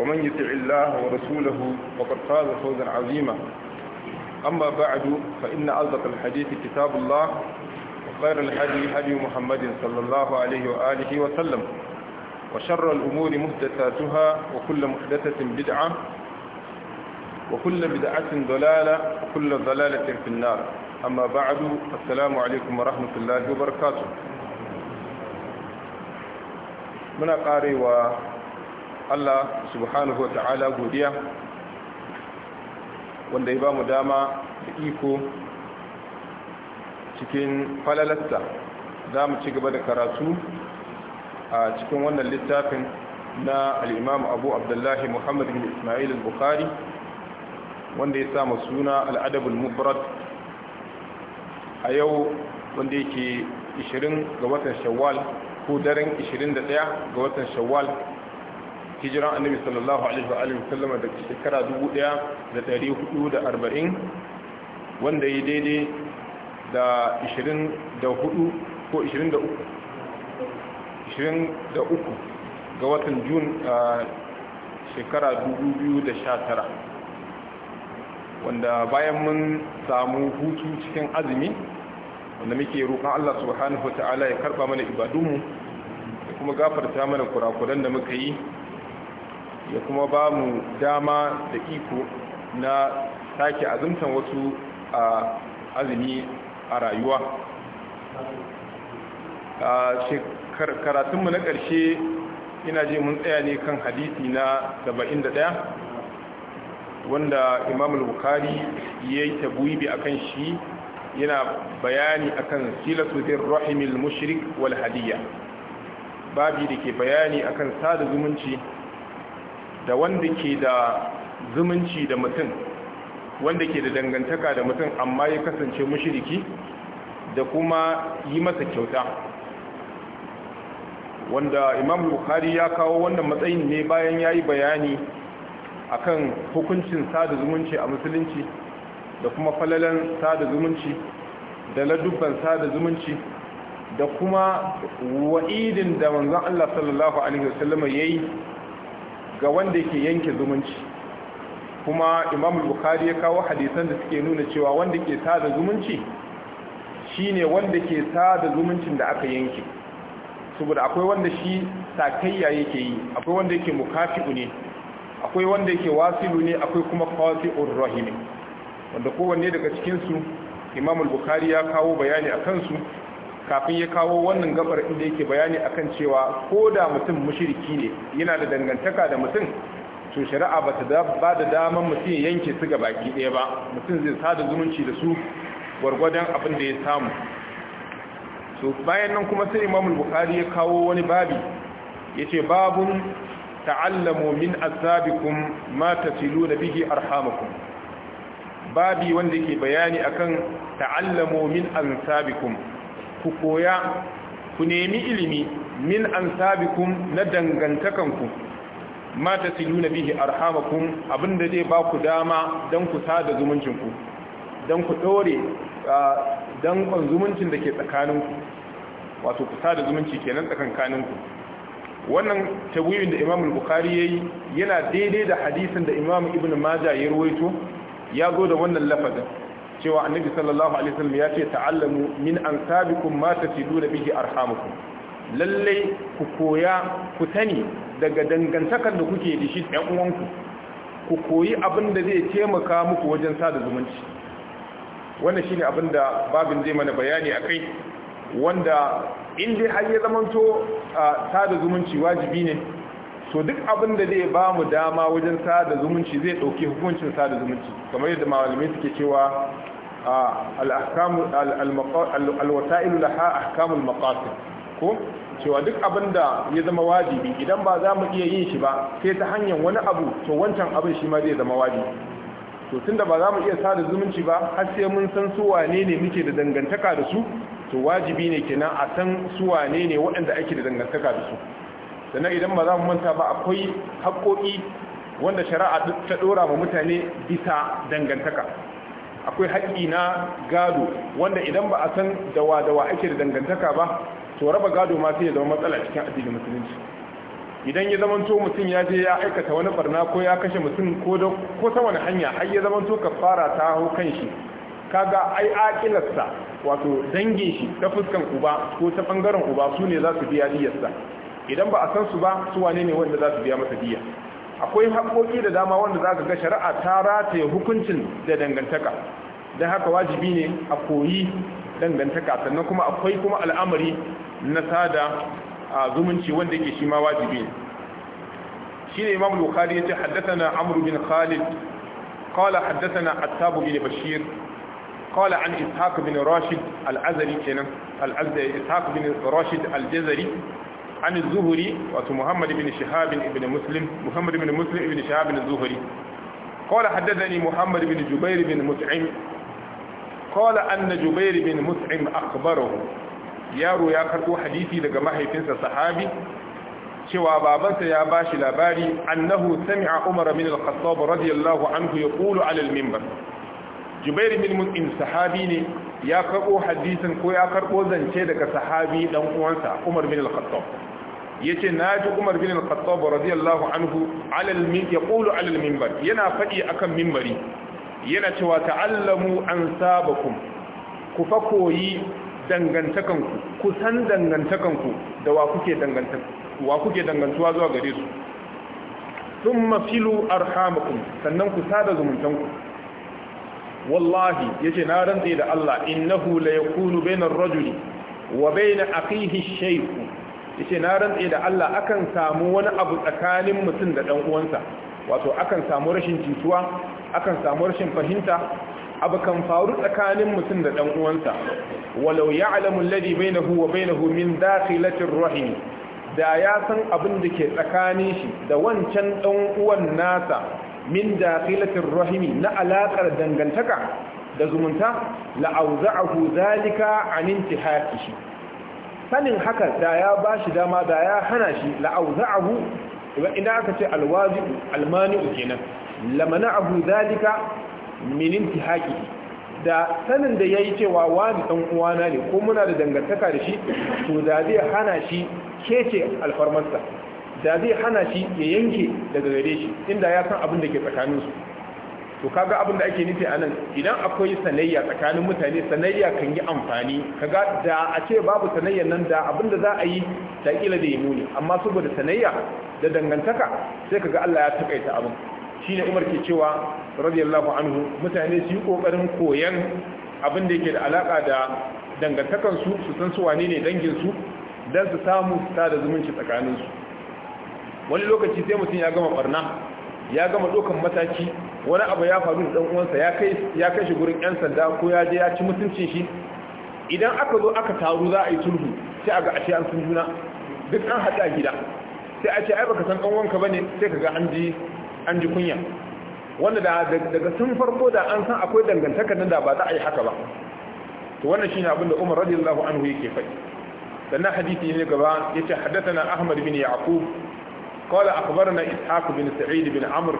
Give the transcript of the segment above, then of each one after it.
ومن يطع الله ورسوله فقد فاز فوزا عظيما أما بعد فإن أصدق الحديث كتاب الله وخير الحديث حديث محمد صلى الله عليه وآله وسلم وشر الأمور محدثاتها وكل محدثة بدعة وكل بدعة ضلالة وكل ضلالة في النار أما بعد السلام عليكم ورحمة الله وبركاته من قاري و Allah subhanahu wa ta'ala godiya wanda ya ba mu dama da iko cikin falalasta za mu ci gaba da karatu a cikin wannan littafin na al'imamu abu abdullahi muhammad bin ismail al-bukhari wanda ya sa suna al'adabul mufrad a yau wanda yake 20 ga watan shawwal ko daren 21 ga watan shawwal hijiran annabi sallallahu alaihi wa sallama daga shekara 1440 wanda ya daidai da 24 ko 23 ga watan jun a shekara 2019 wanda bayan mun samu hutu cikin azumi wanda muke roƙon Allah subhanahu wa ta'ala ya karɓa mana ibadunmu da kuma gafarta mana kurakuran da muka yi ya kuma ba mu dama da iko na sake azumtan wasu a azumi a rayuwa a karatunmu na ƙarshe ina ji mun tsaya ne kan hadisi na 71 wanda imam al bukhari ya yi tabuibi a kan shi yana bayani akan silatu zin rahimil mushrik wal hadiyya babi da ke bayani akan sada zumunci da wanda ke da zumunci da mutum wanda ke da dangantaka da mutum amma ya kasance mushiriki da kuma yi masa kyauta wanda imam bukhari ya kawo wannan matsayin ne bayan ya yi bayani a kan hukuncin sada zumunci a musulunci da kuma falalan sada zumunci da ladubban sada zumunci da kuma wa'idin da manzan Allah sallallahu alaihi ya yayi ga wanda yake yanke zumunci kuma imam bukhari ya kawo hadisan da suke nuna cewa wanda ke tada zumunci shine wanda ke tada zumuncin da aka yanke saboda akwai wanda shi sakayya yake yi akwai wanda yake mukafi'u ne akwai wanda yake wasilu ne akwai kuma qati'ur rahim wanda kowanne daga cikin su imam bukhari ya kawo bayani akan su kafin ya kawo wannan gabar inda yake bayani akan cewa ko da mutum mashiriki ne yana da dangantaka da mutum to shari'a ba ta ba da daman mutum ya yanke su ga baki ɗaya ba mutum zai sada zumunci da su gwargwadon abin da ya samu to bayan nan kuma sai imamul bukhari ya kawo wani babi yace babun ta'allamu min azabikum ma tasiluna bihi arhamakum babi wanda yake bayani akan ta'allamu min ansabikum ku koya ku nemi ilimi min an sabikun na dangantakanku ma na bihi arhamakum abinda zai ba ku dama don ku sada zumuncinku don ku dore dan zumuncin da ke tsakaninku wato ku sada zumunci kenan tsakankaninku wannan tabuyin da Imam al-Bukhari yi yana daidai da hadisin da Imam Ibn Majah ya ruwaito ya zo da wannan lafazin cewa annabi sallallahu alaihi wasallam ya ce ta'allamu min ansabikum ma tasiduna bihi arhamukum lalle ku koya ku sani daga dangantakar da kuke da shi ɗan uwanku ku koyi abin da zai taimaka muku wajen sada zumunci wannan shine abin da babin zai mana bayani akai wanda in dai har ya zamanto sada zumunci wajibi ne to duk abin da zai ba mu dama wajen sada zumunci zai ɗauki hukuncin sada zumunci kamar yadda malamai suke cewa alwata'ilu laha ahkamul maqasid ko cewa duk abin da ya zama wajibi idan ba za mu iya yin shi ba sai ta hanyar wani abu to wancan abin shi ma zai zama wajibi to tunda ba za mu iya sada zumunci ba har sai mun san su wane ne muke da dangantaka da su to wajibi ne kenan a san su wane ne waɗanda ake da dangantaka da su sannan idan ba za mu manta ba akwai haƙoƙi wanda shari'a ta ɗora ma mutane bisa dangantaka akwai haƙƙi na gado wanda idan ba a san dawa dawa ake da dangantaka ba to raba gado ma sai ya zama matsala cikin addinin musulunci idan ya zamanto mutum ya je ya aikata wani barna ko ya kashe mutum ko da ko ta wani hanya har ya zamanto kafara ta hau kan shi kaga ai akilarsa wato dangin shi ta fuskan uba ko ta bangaren uba sune ne za su biya diyarsa idan ba a san su ba su wane ne wanda za su biya masa diya akwai haƙoƙi da dama wanda za ka ga shari'a ta rataye hukuncin da dangantaka don haka wajibi ne a koyi dangantaka sannan kuma akwai kuma al'amari na sada zumunci wanda yake shi ma wajibi ne shi ne imam lokali ya ce haddasana amr bin khalid qala haddathana attab bin bashir قال عن إسحاق بن راشد العزري كنا العزري إسحاق بن راشد الجزري عن الزهري وأتو محمد بن شهاب بن مسلم محمد بن مسلم بن شهاب بن الزهري قال حدثني محمد بن جبير بن مطعم قال أن جبير بن مطعم أخبره yaro ya karbo hadisi daga mahaifinsa sahabi cewa babansa ya bashi labari annahu sami'a Umar bin al-Khattab radiyallahu anhu yaqulu 'ala al-minbar Jubair bin Mut'im sahabi ne ya karbo hadisin ko ya karbo zance daga sahabi dan uwansa Umar bin Al-Khattab yace naji Umar bin Al-Khattab radiyallahu anhu alal min yaqulu alal minbar yana fadi akan minbari yana cewa ta'allamu ansabakum ku fa koyi dangantakanku ku san dangantakanku da wa kuke wa kuke dangantuwa zuwa gare su thumma filu arhamakum sannan ku sada zumuntanku wallahi yace na rantsi da Allah innahu la yakunu bainar rajuli wa bain aqihi shaykh yace na rantsi da Allah akan samu wani abu tsakanin mutum da dan uwansa wato akan samu rashin jituwa akan samu rashin fahimta abu kan faru tsakanin mutum da dan uwansa walau ya'lamu alladhi bainahu wa bainahu min dakhilatir rahim da ya san abin da ke tsakanin shi da wancan dan uwan nasa min dakhilatir rahimi na alaƙar dangantaka da zumunta la'auza'ahu zalika an intihaqihi sanin haka da ya bashi dama da ya hana shi la'auza'ahu idan aka ce alwazi almani almani'u kenan lamana'ahu zalika min haƙi. da sanin da ya yi cewa wani ɗan uwana ne ko muna da dangantaka da shi to da zai hana shi kece alfarmarsa da zai hana shi ya yanke daga gare shi inda ya san abin da ke tsakaninsu to kaga abin da ake nufi anan idan akwai sanayya tsakanin mutane sanayya kan yi amfani kaga da a ce babu sanayyar nan da abin da za a yi da kila da muni amma saboda sanayya da dangantaka sai kaga Allah ya takaita abin shine Umar ke cewa radiyallahu anhu mutane su yi kokarin koyan abin da yake da alaka da dangantakan su su san su wane ne dangin su dan su samu sa da zumunci tsakanin su wani lokaci sai mutum ya gama barna ya gama dokan mataki wani abu ya faru da uwansa ya kai ya kai shi gurin yan sanda ko ya je ya ci mutuncin shi idan aka zo aka taru za a yi sulhu sai a ashe an sun juna duk an hada gida sai a ce ai baka san uwanka bane sai kaga an ji an ji kunya wanda daga sun farko da an san akwai dangantaka nan da ba za a yi haka ba to wannan shine abin da Umar radiyallahu anhu yake faɗi sannan hadisi ne gaba yace haddathana Ahmad bin Yaqub قال أخبرنا إسحاق بن سعيد بن عمرو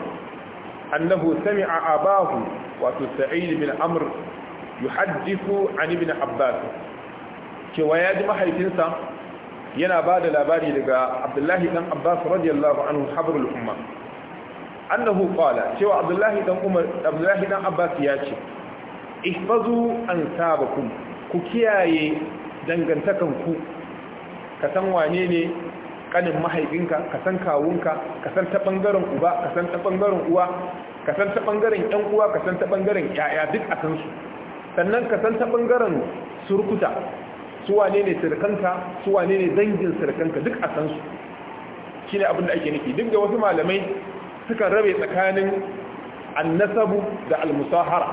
أنه سمع أباه وسعيد بن عمرو يحدث عن ابن عباس كواياد ما حيثنسا yana ba da labari daga abdullahi dan abbas radiyallahu anhu habrul umma annahu qala cewa abdullahi dan abbas ya ce ihfazu ansabakum ku kiyaye dangantakan ku ka san wane kanin mahaifinka ka san kawunka ka san ta bangaren uba ka san ta bangaren uwa ka san ta bangaren yan uwa ka san ta bangaren yaya duk a san sannan ka san ta bangaren surkuta su wane ne sirkanka su wane ne dangin sirkanka duk a san su shine abin da ake nufi duk da wasu malamai suka rabe tsakanin annasabu da almusahara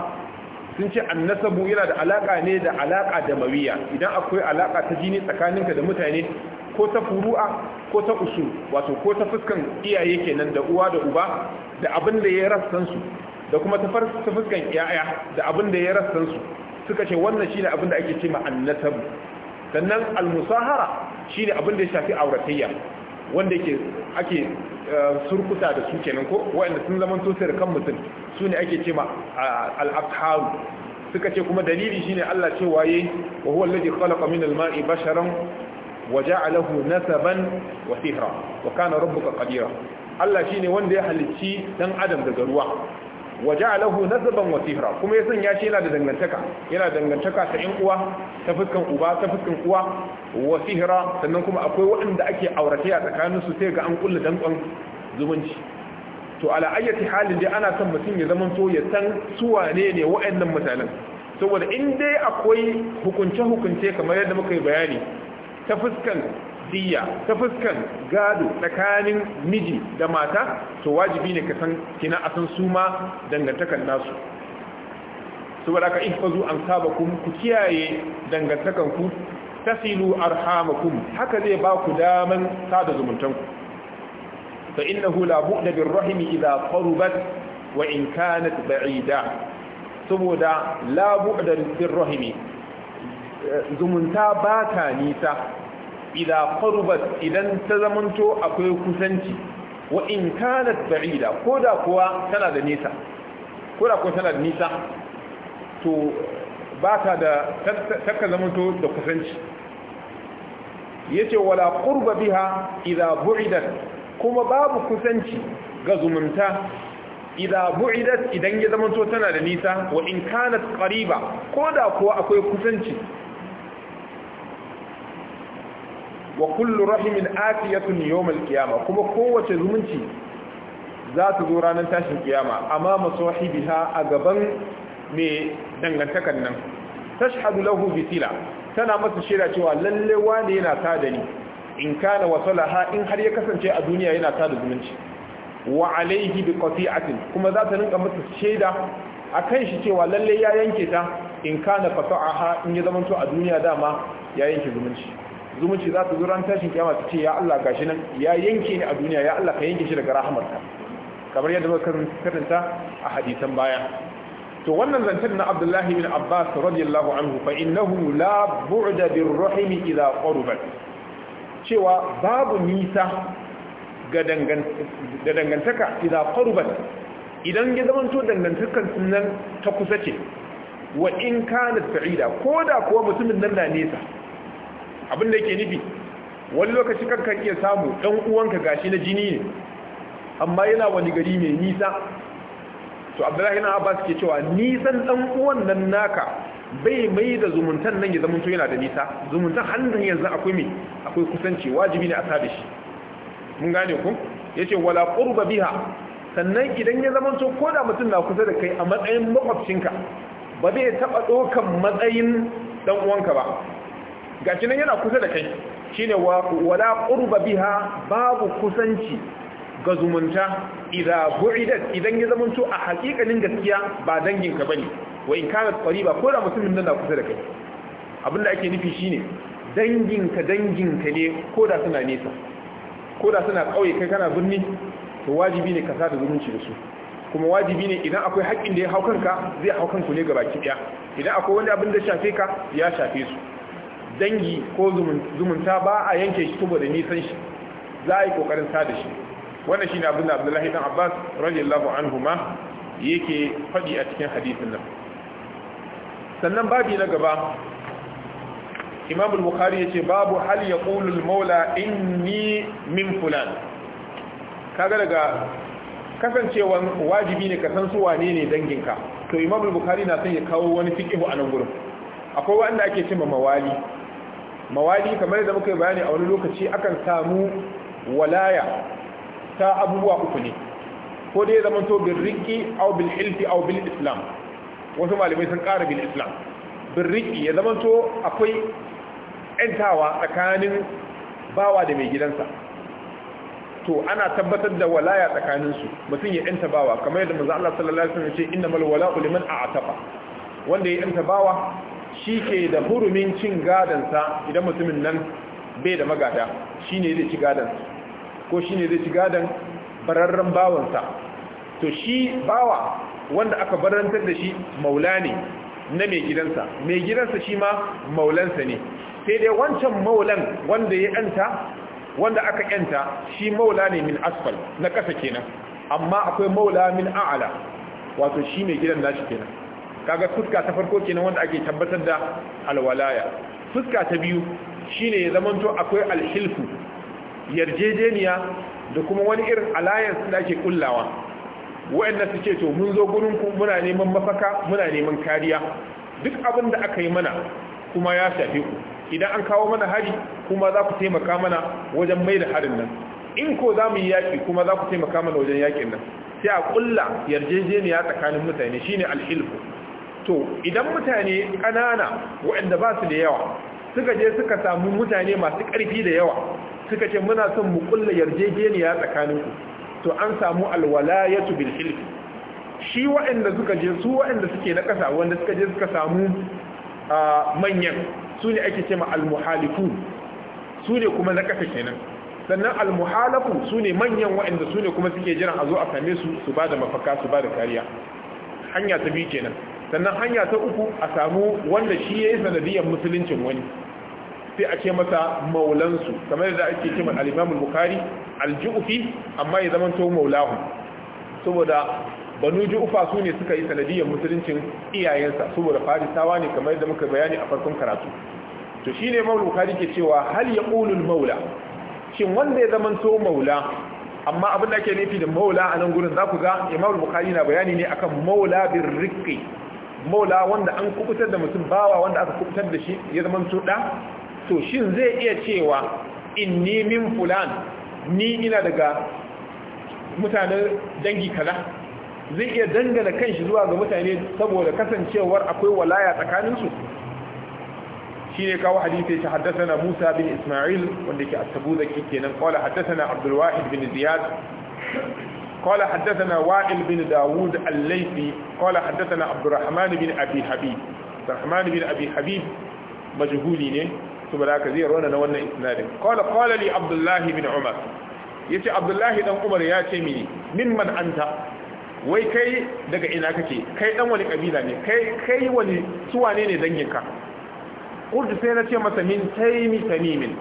sun ce annasabu yana da alaka ne da alaka da mawiya idan akwai alaka ta jini tsakaninka da mutane ko ta furu'a ko ta usu wato ko ta fuskan iyaye kenan da uwa da uba da abin da ya rassan su da kuma ta fuskan iyaya da abin da ya rassan su suka ce wannan shine abin da ake ce ma annatabu sannan almusahara shine abin da ya shafi auratayya wanda yake ake eh, surkuta da su kenan ko wanda sun zama to kan mutum su ne ake ce ma al-afharu suka ce kuma dalili shine Allah cewa yayi wa huwa alladhi khalaqa min al-ma'i basharan waja'alahu nasaban wa sihra wa kana rabbuka qadira Allah ne wanda ya halicci dan adam daga ruwa Waje Alahu na wa sihra kuma ya sanya shi yana da dangantaka yana dangantaka ta 'yan uwa ta fuskan uba ta fuskan uwa wa sannan kuma akwai waɗanda ake aurate a tsakanin su sai ga an kulla dankon zumunci to ala ayyati halin dai ana son mutum ya zama to ya san su wane ne waɗannan mutanen saboda in dai akwai hukunce hukunce kamar yadda muka yi bayani ta fuskan diya ta fuskan gado tsakanin miji da mata to wajibi ne ka san kina a san su ma dangantakan nasu saboda ka ihfazu an sabakum ku kiyaye dangantakan ku tasilu arhamakum haka zai ba ku daman sada zumuntanku fa innahu la bu'da bir rahimi idha qarabat wa in kanat ba'ida saboda la bu'da bir rahimi eh, zumunta ba ta nisa idza qarubat idan ta zamanto akwai kusanci wa in kanat ba'ida da kuwa tana da nisa ko da kuwa tana da nisa to ba ta da takka zamanto da kusanci yace wala qurba biha idza bu'idat kuma babu kusanci ga zumunta idza bu'idat idan ya zamanto tana da nisa wa in kanat qariba da kuwa akwai kusanci wa kullu rahimin atiyatun yawmal qiyama kuma kowace zumunci za ta zo ranar tashin kiyama amma masahibiha a gaban mai dangantakan nan tashhadu lahu bisila tana masa shaida cewa lalle wani yana tada ni in kana wasalaha in har ya kasance a duniya yana tada zumunci wa alaihi bi qati'atin kuma za ta rinka masa shaida akan shi cewa lalle ya yanke ta in kana ha in ya zamanto a duniya dama ya yanke zumunci zumunci za su zo ran tashin kiyama su ce ya Allah gashi nan ya yanke ni a duniya ya Allah ka yanke shi daga rahamarka kamar yadda muka karanta a hadisan baya to wannan zantar na Abdullahi bin Abbas radiyallahu anhu fa innahu la bu'da rahim idha qurbat cewa babu nisa ga da dangantaka idan qurbat idan ya zamanto dangantakan nan ta kusa ce wa in kana sa'ida koda kuwa mutumin nan na nesa abin da yake nufi wani lokaci kankan iya samu ɗan uwanka gashi na jini ne amma yana wani gari mai nisa to abdullahi na abbas ke cewa nisan ɗan uwan nan naka bai mai da zumuntan nan ya zamanto yana da nisa zumuntan hannun yanzu akwai mai akwai kusanci wajibi ne a sa da shi mun gane ku Ya ce wala ƙurba biha sannan idan ya zamanto ko da mutum na kusa da kai a matsayin makwabcinka ba zai taɓa ɗaukan matsayin ɗan uwanka ba gashi nan yana kusa da kai shine wala qurba biha babu kusanci ga zumunta idza bu'idat idan ya zamanto a hakikanin gaskiya ba dangin ka bane wa in kana qariba ko da mutumin nan da kusa da kai abinda ake nufi shine dangin ka dangin ka ne ko da suna nesa ko da suna kauye kai kana birni to wajibi ne ka sada zumunci da su kuma wajibi ne idan akwai haƙƙin da ya hau kanka zai hau kanku ne gabaki ɗaya idan akwai wani abin da shafe ka ya shafe su dangi ko zumunta ba a yanke shi da nisan shi za a yi kokarin sa da shi wannan shine abin da Abdullahi dan Abbas radiyallahu anhuma yake faɗi a cikin hadisin nan sannan babi na gaba Imam al-Bukhari yace babu hal ya al-maula inni min fulan kaga daga kasancewan wajibi ne ka san su wane ne danginka to Imam al-Bukhari na son ya kawo wani fiqh a nan gurin akwai wanda ake cewa mawali mawali kamar da muka yi bayani a wani lokaci akan samu walaya ta abubuwa uku ne ko dai zama to bil riqi aw bil hilfi aw bil islam wasu malamai sun ƙara bil islam bil riqi ya zama to akwai yantawa tsakanin bawa da mai gidansa to ana tabbatar da walaya tsakanin su mutum ya yanta bawa kamar yadda manzo Allah sallallahu alaihi wasallam ya ce innamal wala'u liman a'tafa wanda ya ƴanta bawa shi ke da hurumin cin gadansa idan mutumin nan bai da magada shi ne zai ci gadan ko shi ne zai ci gadan bararren bawansa to shi bawa wanda aka barantar da shi maula ne na mai gidansa mai gidansa shi ma maulansa ne sai dai wancan maulan wanda ya yanta wanda aka yanta shi maula ne min asfal na ƙasa kenan amma akwai maula min a'ala wato shi mai gidan nashi kenan kaga fuska ta farko kenan wanda ake tabbatar da alwalaya fuska ta biyu shine ya zamanto akwai alhilfu yarjejeniya da kuma wani irin alliance da ake kullawa wa'anda su ce to mun zo gurin ku muna neman mafaka muna neman kariya duk abin da aka yi mana kuma ya shafe ku idan an kawo mana hari kuma za ku taimaka mana wajen mai da harin nan in ko za mu yi yaƙi kuma za ku taimaka mana wajen yaƙin nan sai a ƙulla yarjejeniya tsakanin mutane shine alhilfu to idan mutane ƙanana waɗanda ba su da yawa suka je suka samu mutane masu ƙarfi da yawa suka ce muna son mu kulla yarjejeniya tsakaninku to an samu alwalayatu bil hilfi shi waɗanda suka je su waɗanda suke na ƙasa wanda suka je suka samu manyan su ne ake ma almuhalifu su ne kuma na ƙasa kenan sannan almuhalafu su ne manyan waɗanda su ne kuma suke jiran a zo a same su su ba da mafaka su ba da kariya hanya ta biyu kenan sannan hanya ta uku a samu wanda shi ya yi sanadiyar musuluncin wani sai a ce masa maulansu kamar yadda ake kima al'imamul bukari aljufi amma ya zamanto maulahu saboda banu jufa su ne suka yi sanadiyar musuluncin iyayensa saboda farisawa ne kamar yadda muka bayani a farkon karatu to shine maulu bukari ke cewa hal ya ulul maula shin wanda ya zamanto maula amma abin da ake nufi da maula a nan gurin za ku ga imamul Al-Bukari na bayani ne akan maula bin Rikki. maula wanda an kubutar da mutum bawa wanda aka kubutar da shi ya zama tuɗa to shin zai iya cewa in min fulan ni ina daga mutanen dangi kaza zai iya dangana shi zuwa ga mutane saboda kasancewar akwai walaya tsakaninsu na Musa bin Isma'il wanda بن إسماعيل da التبوذكي كنا قال Haddasa na Abdullahi bin ziyad قال حدثنا وائل بن داود الليثي قال حدثنا عبد الرحمن بن أبي حبيب عبد الرحمن بن أبي حبيب مجهولين ثم لا كثير وانا نوانا إثنان قال قال لي عبد الله بن عمر يتي عبد الله بن عمر يا تيميني من من أنت wai kai daga ina kake kai dan wani kabila ne kai kai wani suwane ne danginka kurdu sai na ce masa min taimi tamimin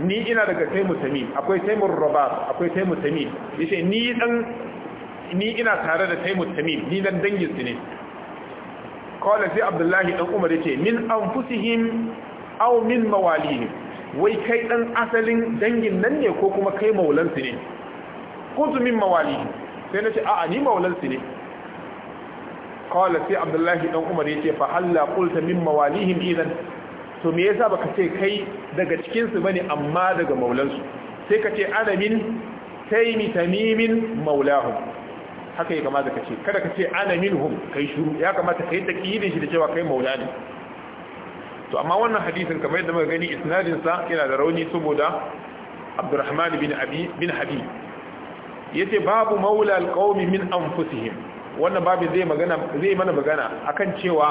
ni ina daga taimu tamim akwai taimu rabab akwai taimu tamim yace ni dan ni ina tare da taimu tamim ni dan dangin su ne qala sai abdullahi dan umar yace min anfusihim aw min mawalihim wai kai dan asalin dangin nan ne ko kuma kai maulan su ne kuntu min mawalihim sai nace a'a ni maulan su ne Kawai sai abdullahi dan umar yace fa halla qulta min mawalihim idan to me yasa baka ce kai daga cikin su bane amma daga maulansu sai ka ce ana min taimi tamimin maulahu haka ya kamata ka ce kada ka ce ana kai shuru ya kamata kai takiyidin shi da cewa kai maula ne to amma wannan hadisin kamar yadda muka gani isnadin sa yana da rauni saboda Abdurrahman bin Abi bin Habib yace babu maula alqaumi min anfusihim wannan babin zai magana zai mana magana akan cewa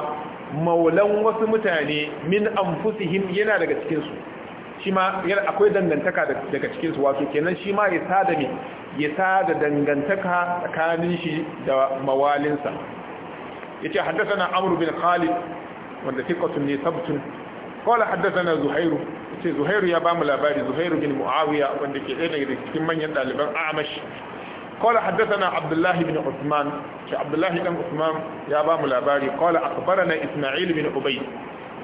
maulan wasu mutane min anfusihim yana daga cikin su shi ma akwai dangantaka daga cikin su wato kenan shi ma ya sada ne ya sada dangantaka tsakanin shi da mawalinsa yace haddathana amr bin khalid wanda thiqatun ne sabtun qala haddathana zuhairu yace zuhairu ya bamu labari zuhairu bin muawiya wanda ke ɗaya daga cikin manyan ɗaliban amash قال حدثنا عبد الله بن عثمان عبد الله بن عثمان يا بام لاباري قال اخبرنا اسماعيل بن ابي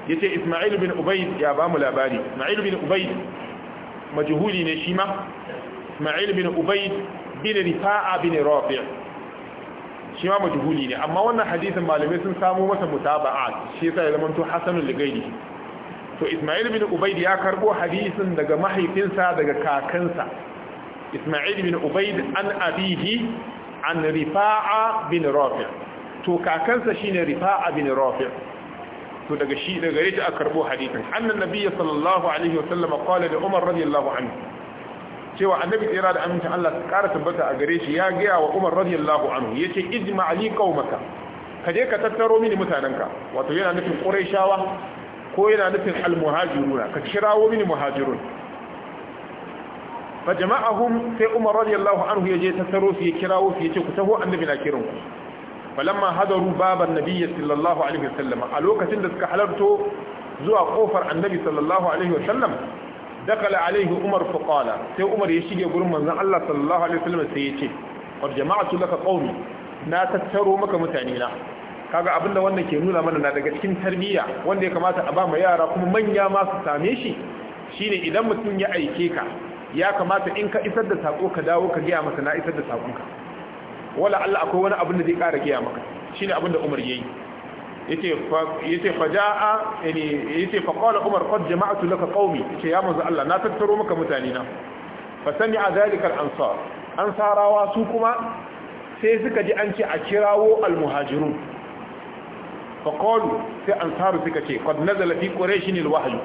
يتي اسماعيل بن ابي يا بام لاباري اسماعيل بن ابي مجهولي نشيمة اسماعيل بن ابي بن رفاعة بن رافع شيما مجهولي ني اما wannan hadisin malamai sun samu masa mutaba'a shi yasa ya zamanto hasanul ligaidi to Ismail bin Ubayd ya karbo hadisin daga mahaifinsa daga kakansa isma'il bin ubaid an abihi an rifa'a bin rafi to kakansa shine rifa'a bin rafi to daga shi daga gare aka karbo hadisin annan nabiyyi sallallahu alaihi wa sallam qala li umar radiyallahu anhu cewa annabi tsira da aminta Allah ta kara tabbata a gare shi ya gaya wa umar radiyallahu anhu yace ijma ali qaumaka kaje ka tattaro mini mutanenka wato yana nufin quraishawa ko yana nufin almuhajiruna ka kirawo mini muhajirun fa jama'ahum sai Umar radiyallahu anhu yaje tattaro su ya kirawo su yace ku taho annabi na kiran ku falamma hadaru baban nabiyyi sallallahu alaihi wasallam a lokacin da suka halarto zuwa kofar annabi sallallahu alaihi wasallam dakala alaihi Umar fa qala sai Umar ya shige gurin manzon Allah sallallahu alaihi wasallam sai yace qad jama'tu laka qaumi na tattaro maka mutane na kaga abinda wannan ke nuna mana na daga cikin tarbiyya wanda ya kamata a ba ma yara kuma manya ma su same shi shine idan mutum ya aike ka ya kamata in ka isar da sako ka dawo ka gaya masa na isar da sakonka wala Allah akwai wani abin da zai ƙara giya maka shine abin da Umar yayi yace yace faja'a yani yace fa qala Umar qad jama'tu laka qaumi yace ya manzo Allah na tattaro maka mutane na fa sami'a zalika al-ansar ansarawa su kuma sai suka ji an ce a kirawo al-muhajirun fa qalu sai ansaru suka ce qad nazala fi quraish al-wahyu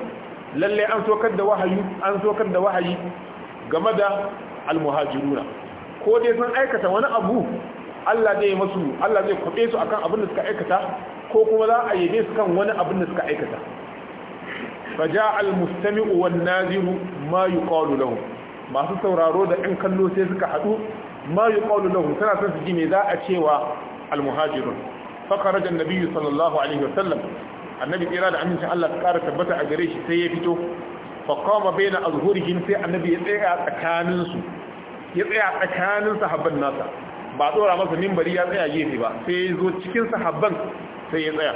lalle an sokar da wahayi an sokar da wahayi game da almuhajiruna ko dai sun aikata wani abu Allah zai masu Allah zai kwabe su akan abin da suka aikata ko kuma za a yabe su kan wani abin da suka aikata faja mustami'u wan naziru ma yuqalu lahum masu sauraro da ɗan kallo sai suka haɗu ma yuqalu lahum tana son su ji me za a cewa wa fa kharaja an-nabiy sallallahu alaihi sallam annabi tsira da amincin Allah ta kara tabbata a gare shi sai ya fito bai na azhurihim sai annabi ya tsaya tsakanin su ya tsaya tsakanin sahabban nasa ba tsora masa minbari ya tsaya gefe ba sai ya zo cikin sahabban sai ya tsaya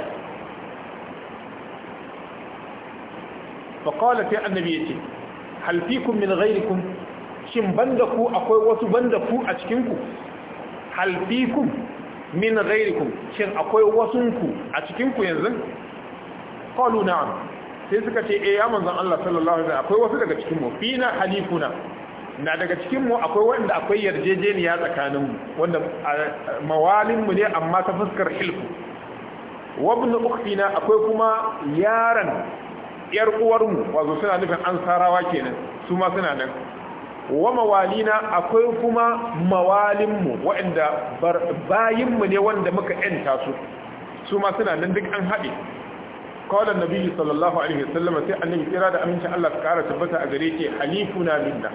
faqala sai annabi ya ce hal fikum min ghayrikum shin banda ku akwai wasu banda ku a cikinku? ku hal fikum min ghayrikum shin akwai wasunku a cikinku yanzu qalu na'am sai suka ce eh ya manzon Allah sallallahu alaihi wasallam akwai wasu daga cikin mu fina halifuna na daga cikin mu akwai wanda akwai yarjejeniya tsakanin mu wanda mawalin mu ne amma ta fuskar hilfu wa ibn ukhtina akwai kuma yaran yar uwar mu wazo suna nufin ansarawa kenan su ma suna nan wa mawalina akwai kuma mawalin mu waɗanda bayin mu ne wanda muka yanta su su ma suna nan duk an haɗe qala an-nabi sallallahu alaihi sallama sai annabi kira da aminci Allah ka kara tabbata a gare ki halifuna minna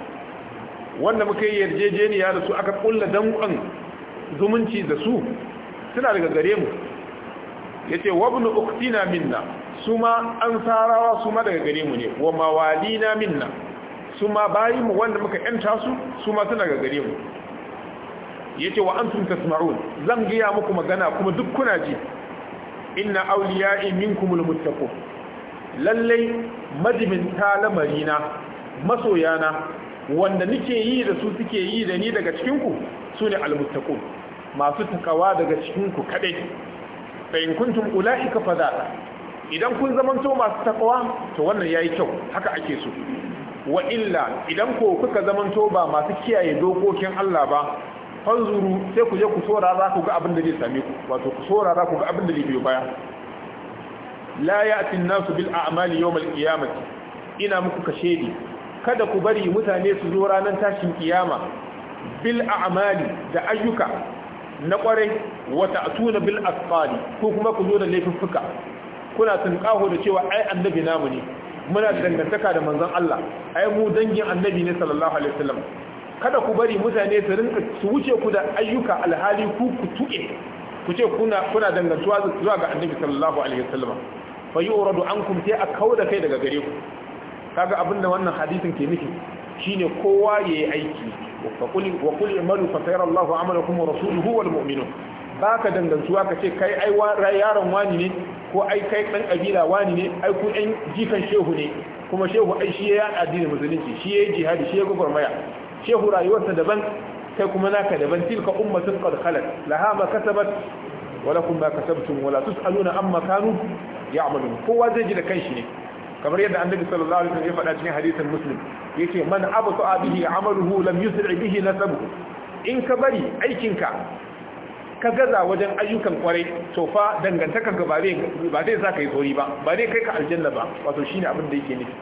wanda muka yi yarjejeniya da su aka kulla danƙon zumunci da su suna daga gare mu yace wa ibn uktina minna sarawa su ma daga gare mu ne wa mawalina minna ma bayi mu wanda muka yanta su suma suna daga gare mu yace wa antum tasma'un zan giya muku magana kuma duk kuna ji inna awliya'i minkumul muttaqun lallai majibinta lamarina masoyana wanda nike yi da su suke yi da ni daga cikinku su ne almuttaqun masu takawa daga cikinku kadai fa in kuntum ulaika fa idan kun zamanto masu takawa to wannan yayi kyau haka ake so wa illa idan ko kuka zamanto ba masu kiyaye dokokin Allah ba fanzuru sai ku je ku sora za ku ga abin da zai same ku wato ku sora za ku ga abin da zai biyo baya la ya'ti an-nasu bil a'mali yawm al-qiyamati ina muku kashe ni kada ku bari mutane su zo ranar tashin kiyama bil a'mali da ayyuka na kwarai wa ta'tuna bil asfali ko kuma ku zo da laifuffuka kuna tunƙaho da cewa ai annabi namu ne muna dangantaka da manzon Allah ai mu dangin annabi ne sallallahu alaihi wasallam kada ku bari mutane su rinka su wuce ku da ayyuka alhali ku ku tuke ku ce kuna kuna dangantuwa zuwa ga annabi sallallahu alaihi wasallam fa yuradu ankum sai a kauda kai daga gare ku kaga abinda wannan hadisin ke nufi shine kowa yayi aiki wa kulli wa kulli amalu fa sayara Allahu amalakum wa rasuluhu wal mu'minun baka dangantuwa ka ce kai ai yaron wani ne ko ai kai dan kabila wani ne ai ku ɗan jikan shehu ne kuma shehu ai shi ya addinin musulunci shi ya jihadi shi ya gwagwarmaya shehu rayuwarsa daban kai kuma naka daban tilka ummatun qad khalat laha ma kasabat wa lakum ma kasabtum wa la tusaluna amma kanu ya'malun kowa zai ji da kanshi ne kamar yadda annabi sallallahu alaihi wasallam ya faɗa cikin hadisin muslim yace man abta bihi amaluhu lam yusri bihi nasabuhu in ka bari aikinka ka gaza wajen ayyukan kwarai to fa dangantaka ga ba zai ba zai sa kai tsori ba ba zai kai ka aljanna ba wato shine abin da yake nufi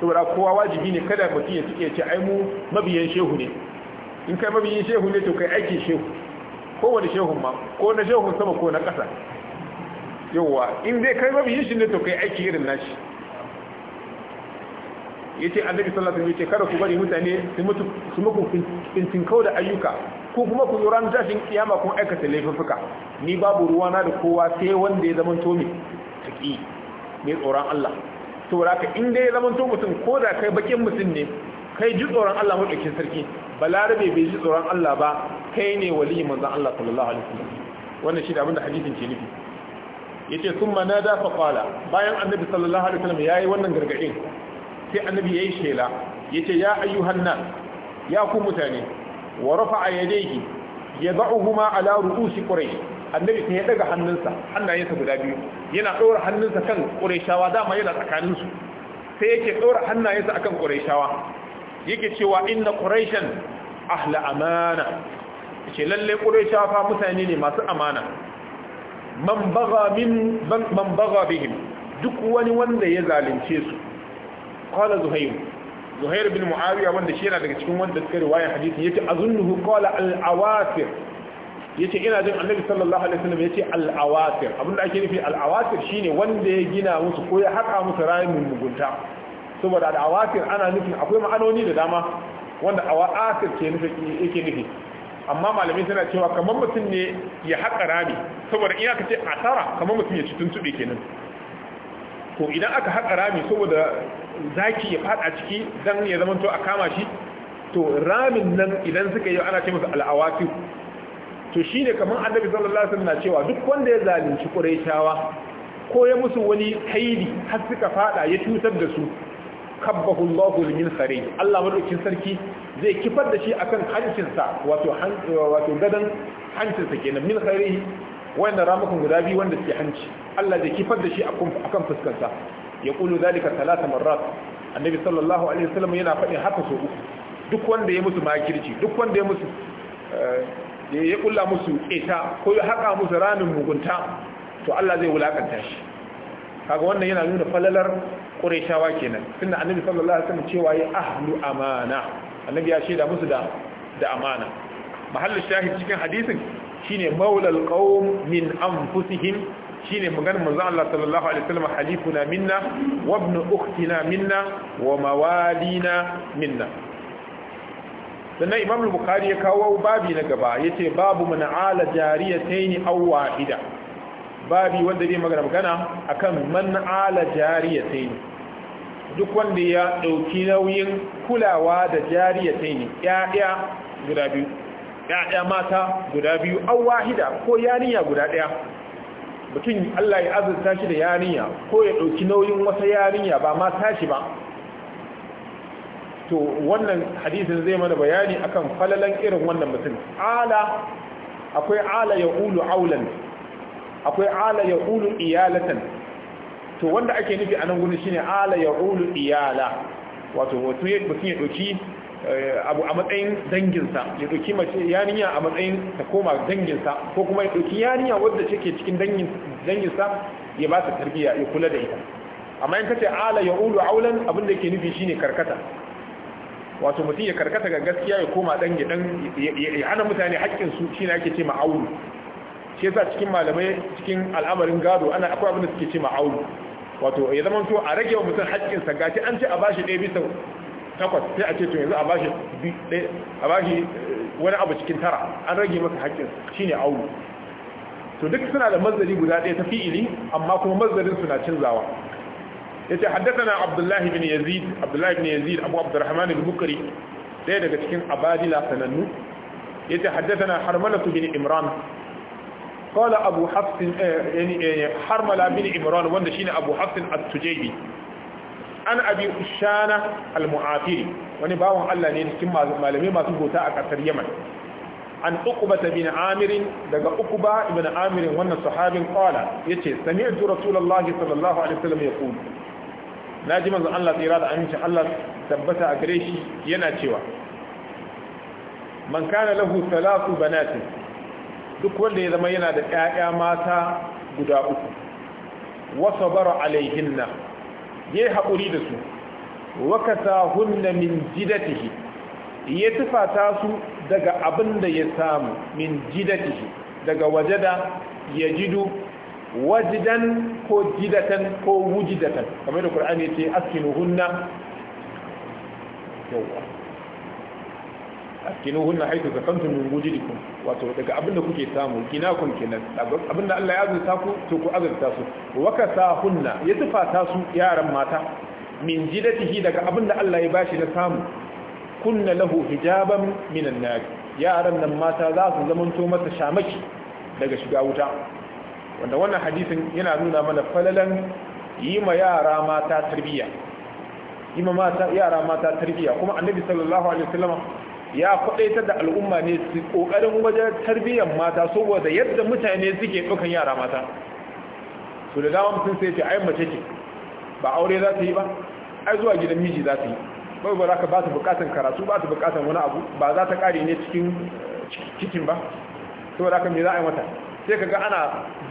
saboda kowa wajibi ne kada mutum ya tuke ce ai mu mabiyan shehu ne in kai mabiyan shehu ne to kai aikin shehu ko wani shehu ma ko na shehu sama ko na ƙasa yauwa in dai kai mabiyan shi ne to kai aiki irin nashi ce annabi sallallahu alaihi wasallam ce kada ku bari mutane su mutu su muku fintin kau da ayyuka ko kuma ku ranar tashin kiyama kun aikata laifuka ni babu ruwana da kowa sai wanda ya zama tomi mi taki mai tsoron Allah saboda ka in dai zaman to mutum ko da kai bakin mutum ne kai ji tsoron Allah madaukakin sarki balarabe bai ji tsoron Allah ba kai ne wali manzan Allah sallallahu alaihi wasallam wannan shi da abin hadisin ke nufi yace summa nada fa qala bayan annabi sallallahu alaihi wasallam yayi wannan gargadin sai annabi yayi shela yace ya ayyuhan nas ya ku mutane wa rafa'a yadayhi yad'uhuma ala ru'usi quraish annabi sai ya daga hannunsa hannayensa guda biyu yana ɗora hannunsa kan ƙurayshawa dama yana tsakaninsu sai yake ɗora hannayensa akan ƙurayshawa yake cewa inna ƙurayshan ahla amana ce lalle ƙurayshawa fa mutane ne masu amana man baga min man baga bihim duk wani wanda ya zalunce su qala zuhayr zuhayr bin muawiya wanda shi yana daga cikin wanda suka riwaya hadisi yace azunnuhu qala al awasir yace ina jin annabi sallallahu alaihi wasallam yace al-awatir abinda ake nufi al-awatir shine wanda ya gina musu ko ya haka musu rayuwar mugunta saboda al-awatir ana nufin akwai ma'anoni da dama wanda awatir ke nufi yake nufi amma malamai suna cewa kamar mutum ne ya haka rami saboda ina ka ce asara kamar mutum ya ci tuntube kenan ko idan aka haka rami saboda zaki ya fada ciki dan ya zamanto a kama shi to ramin nan idan suka yi ana ce masa al-awatir to shi ne kamar annabi sallallahu alaihi wasallam na cewa duk wanda ya zalunci quraishawa ko ya musu wani kaidi har suka fada ya cutar da su kabbahu Allahu min sarai Allah madaukin sarki zai kifar da shi akan hancinsa wato wato gadan hancinsa kenan min sarai wanda ramukan guda biyu wanda suke hanci Allah zai kifar da shi akan fuskarsa ya kulu zalika talata marrat annabi sallallahu alaihi wasallam yana faɗin haka so duk wanda ya musu makirci duk wanda ya musu eh, ne ya kulla musu ita ko ya haka musu ranin mugunta to Allah zai wulakanta shi kaga wannan yana nuna falalar qurayshawa kenan tunda annabi sallallahu alaihi wasallam cewa ya ahlu amana annabi ya shaida musu da da amana mahallin shahid cikin hadisin shine maulal qaum min anfusihim shine maganar manzo Allah sallallahu alaihi wasallam halifuna minna wa ibn ukhtina minna wa mawalina minna sannan imam bukhari ya kawo babi na gaba ya ce babu mana ala jariya jariyatayn aw wahida babi wanda zai magana magana akan man ala jariya jariyatayn duk wanda ya dauki nauyin kulawa da jariya ya'ya guda biyu ya'ya mata guda biyu aw wahida ko yarinya guda daya mutum Allah ya azurta shi da yarinya ko ya dauki nauyin wata yarinya ba ma tashi ba to wannan hadisin zai mana bayani akan falalan irin wannan mutum ala akwai ala ya ulu aulan akwai ala ya ulu iyalatan to wanda ake nufi a nan gudu shine ala ya ulu iyala wato mutum ya doki eh, abu a matsayin danginsa ya doki mace yarinya a matsayin ta koma danginsa ko kuma ya doki yarinya wadda take cikin danginsa ya ba ta tarbiyya ya kula da ita amma in kace ala ya ulu aulan abin da yake nufi shine karkata wato mutum ya karkata ga gaskiya ya koma dan gidan ya hana mutane haƙƙin su shine ake ce ma'aulu shi yasa cikin malamai cikin al'amarin gado ana akwai abin da suke ce ma'aulu wato ya zama to a rage wa mutum haƙƙin sa gashi an ce a bashi ɗaya bisa takwas sai a ce to yanzu a bashi a bashi eh, wani abu cikin tara an rage masa haƙƙin shine aulu to duk suna da mazari guda ɗaya ta fi'ili amma kuma mazarin suna canzawa yace haddathana abdullah ibn yazid abdullah ibn abu abdurrahman al-bukhari daya daga cikin abadila sanannu yace haddathana harmala bin imran qala abu hafs eh, yani eh, harmala ibn imran wanda shine abu hafs at-tujaybi an abi ushana al-mu'afiri wani bawon Allah ne cikin malamai masu buta a kasar Yaman an uquba bin amir daga uquba ibn amir wannan sahabin qala yace sami'tu rasulullahi sallallahu alaihi wasallam yaqul na ji manzon Allah tsira da aminci, Allah tabbata a gare shi yana cewa man kana lahu salatu banatin duk wanda ya zama yana da ƴaƴa mata guda uku wa sabara alaihinna yayi haƙuri da su wa kasahunna min jidatihi ya tufata su daga abin da ya samu min jidatihi daga wajada yajidu wajidan ko jidatan ko wujidatan kamar da Qur'ani yace askinuhunna yawa askinuhunna haythu sakantum min wujidikum wato daga abinda kuke samu kun kenan abinda Allah ya azurta ku to ku azurta su wa kasahunna ya tufata su yaran mata min jidatihi daga abinda Allah ya bashi na samu kunna lahu hijaban minan nar yaran nan mata za su zamanto masa shamaki daga shiga wuta wanda wannan hadisin yana nuna mana falalan yi ma yara mata tarbiyya yi ma mata yara mata tarbiyya kuma annabi sallallahu alaihi wasallam ya kwadaitar da al'umma ne su kokarin wajen tarbiyyar mata saboda yadda mutane suke dukan yara mata to da dama mutum sai ce ai mace ce ba aure za ta yi ba ai zuwa gidan miji za ta yi Ba ba ka ba ta bukatan karatu ba ta bukatan wani abu ba za ta kare ne cikin cikin ba saboda haka me za a yi mata sai kaga ana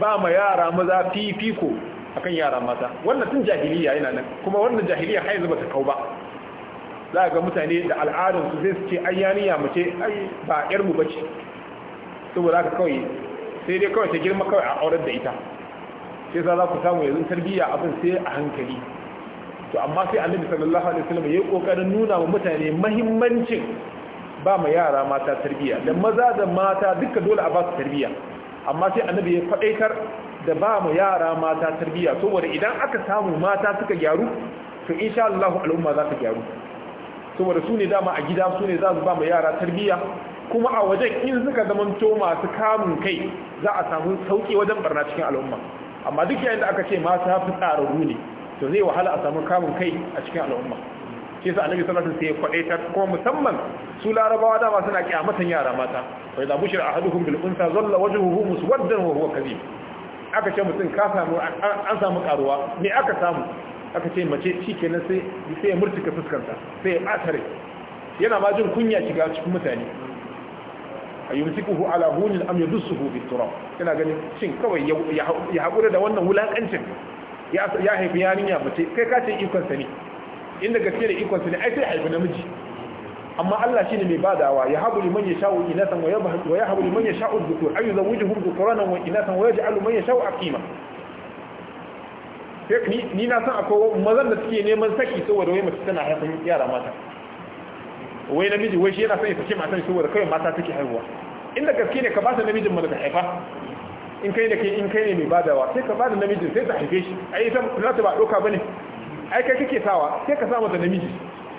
ba ma yara maza fifiko akan yara mata wannan tun jahiliya yana nan kuma wannan jahiliya haizu bata kau ba za ga mutane da al'adun su zai suke ayyaniya mace ai ba yar mu bace saboda haka kawai sai dai kawai ta girma kawai a aurar da ita sai za ku samu yanzu tarbiyya abin sai a hankali to amma sai annabi sallallahu alaihi wasallam yayi kokarin nuna wa mutane muhimmancin ba ma yara mata tarbiyya da maza da mata duka dole a ba su tarbiyya amma sai annabi ya kwadaitar da ba mu yara mata tarbiyya saboda idan aka samu mata suka gyaru to insha Allah al'umma za ta gyaru saboda sune ne dama a gida sune ne za su ba mu yara tarbiyya kuma a wajen in suka to masu kamun kai za a samu sauki wajen barna cikin al'umma amma duk yayin da aka ce mata fi tsararru ne to zai wahala a samu kamun kai a cikin al'umma shi sa annabi sallallahu alaihi wasallam sai ya fade ta kuma musamman su larabawa dama suna tan yara mata fa idza bushira ahaduhum bil unsa zalla wajhuhu muswaddan wa huwa kadhib aka ce mutun ka samu an samu karuwa me aka samu aka ce mace shikenan sai sai ya murtuka fuskanta sai ya atare yana ma jin kunya shiga cikin mutane ayyumsikuhu ala hunin am yadussuhu bit turab yana ganin shin kawai ya haƙura da wannan wulakancin ya haifi yarinya mace kai ka ce ikon sa ne inda gaske da ikon sa ne ai sai haifi namiji amma Allah shine mai badawa ya habu liman yasha'u inasan wa yabhu wa habu liman yasha'u dhukur ay yuzawwijuhum dhukuran wa inasan wa yaj'alu man yasha'u aqima ni ni na san akwai mazan da suke neman saki saboda wai mace tana haifin yara mata wai namiji wai shi yana son ya saki matan saboda kai mata take haihuwa inda gaske ne ka ba ta namijin mana haifa in kai da kai in kai ne mai badawa sai ka ba da namijin sai ta haife shi ai ta ba doka bane ai kake sawa sai ka sa mata namiji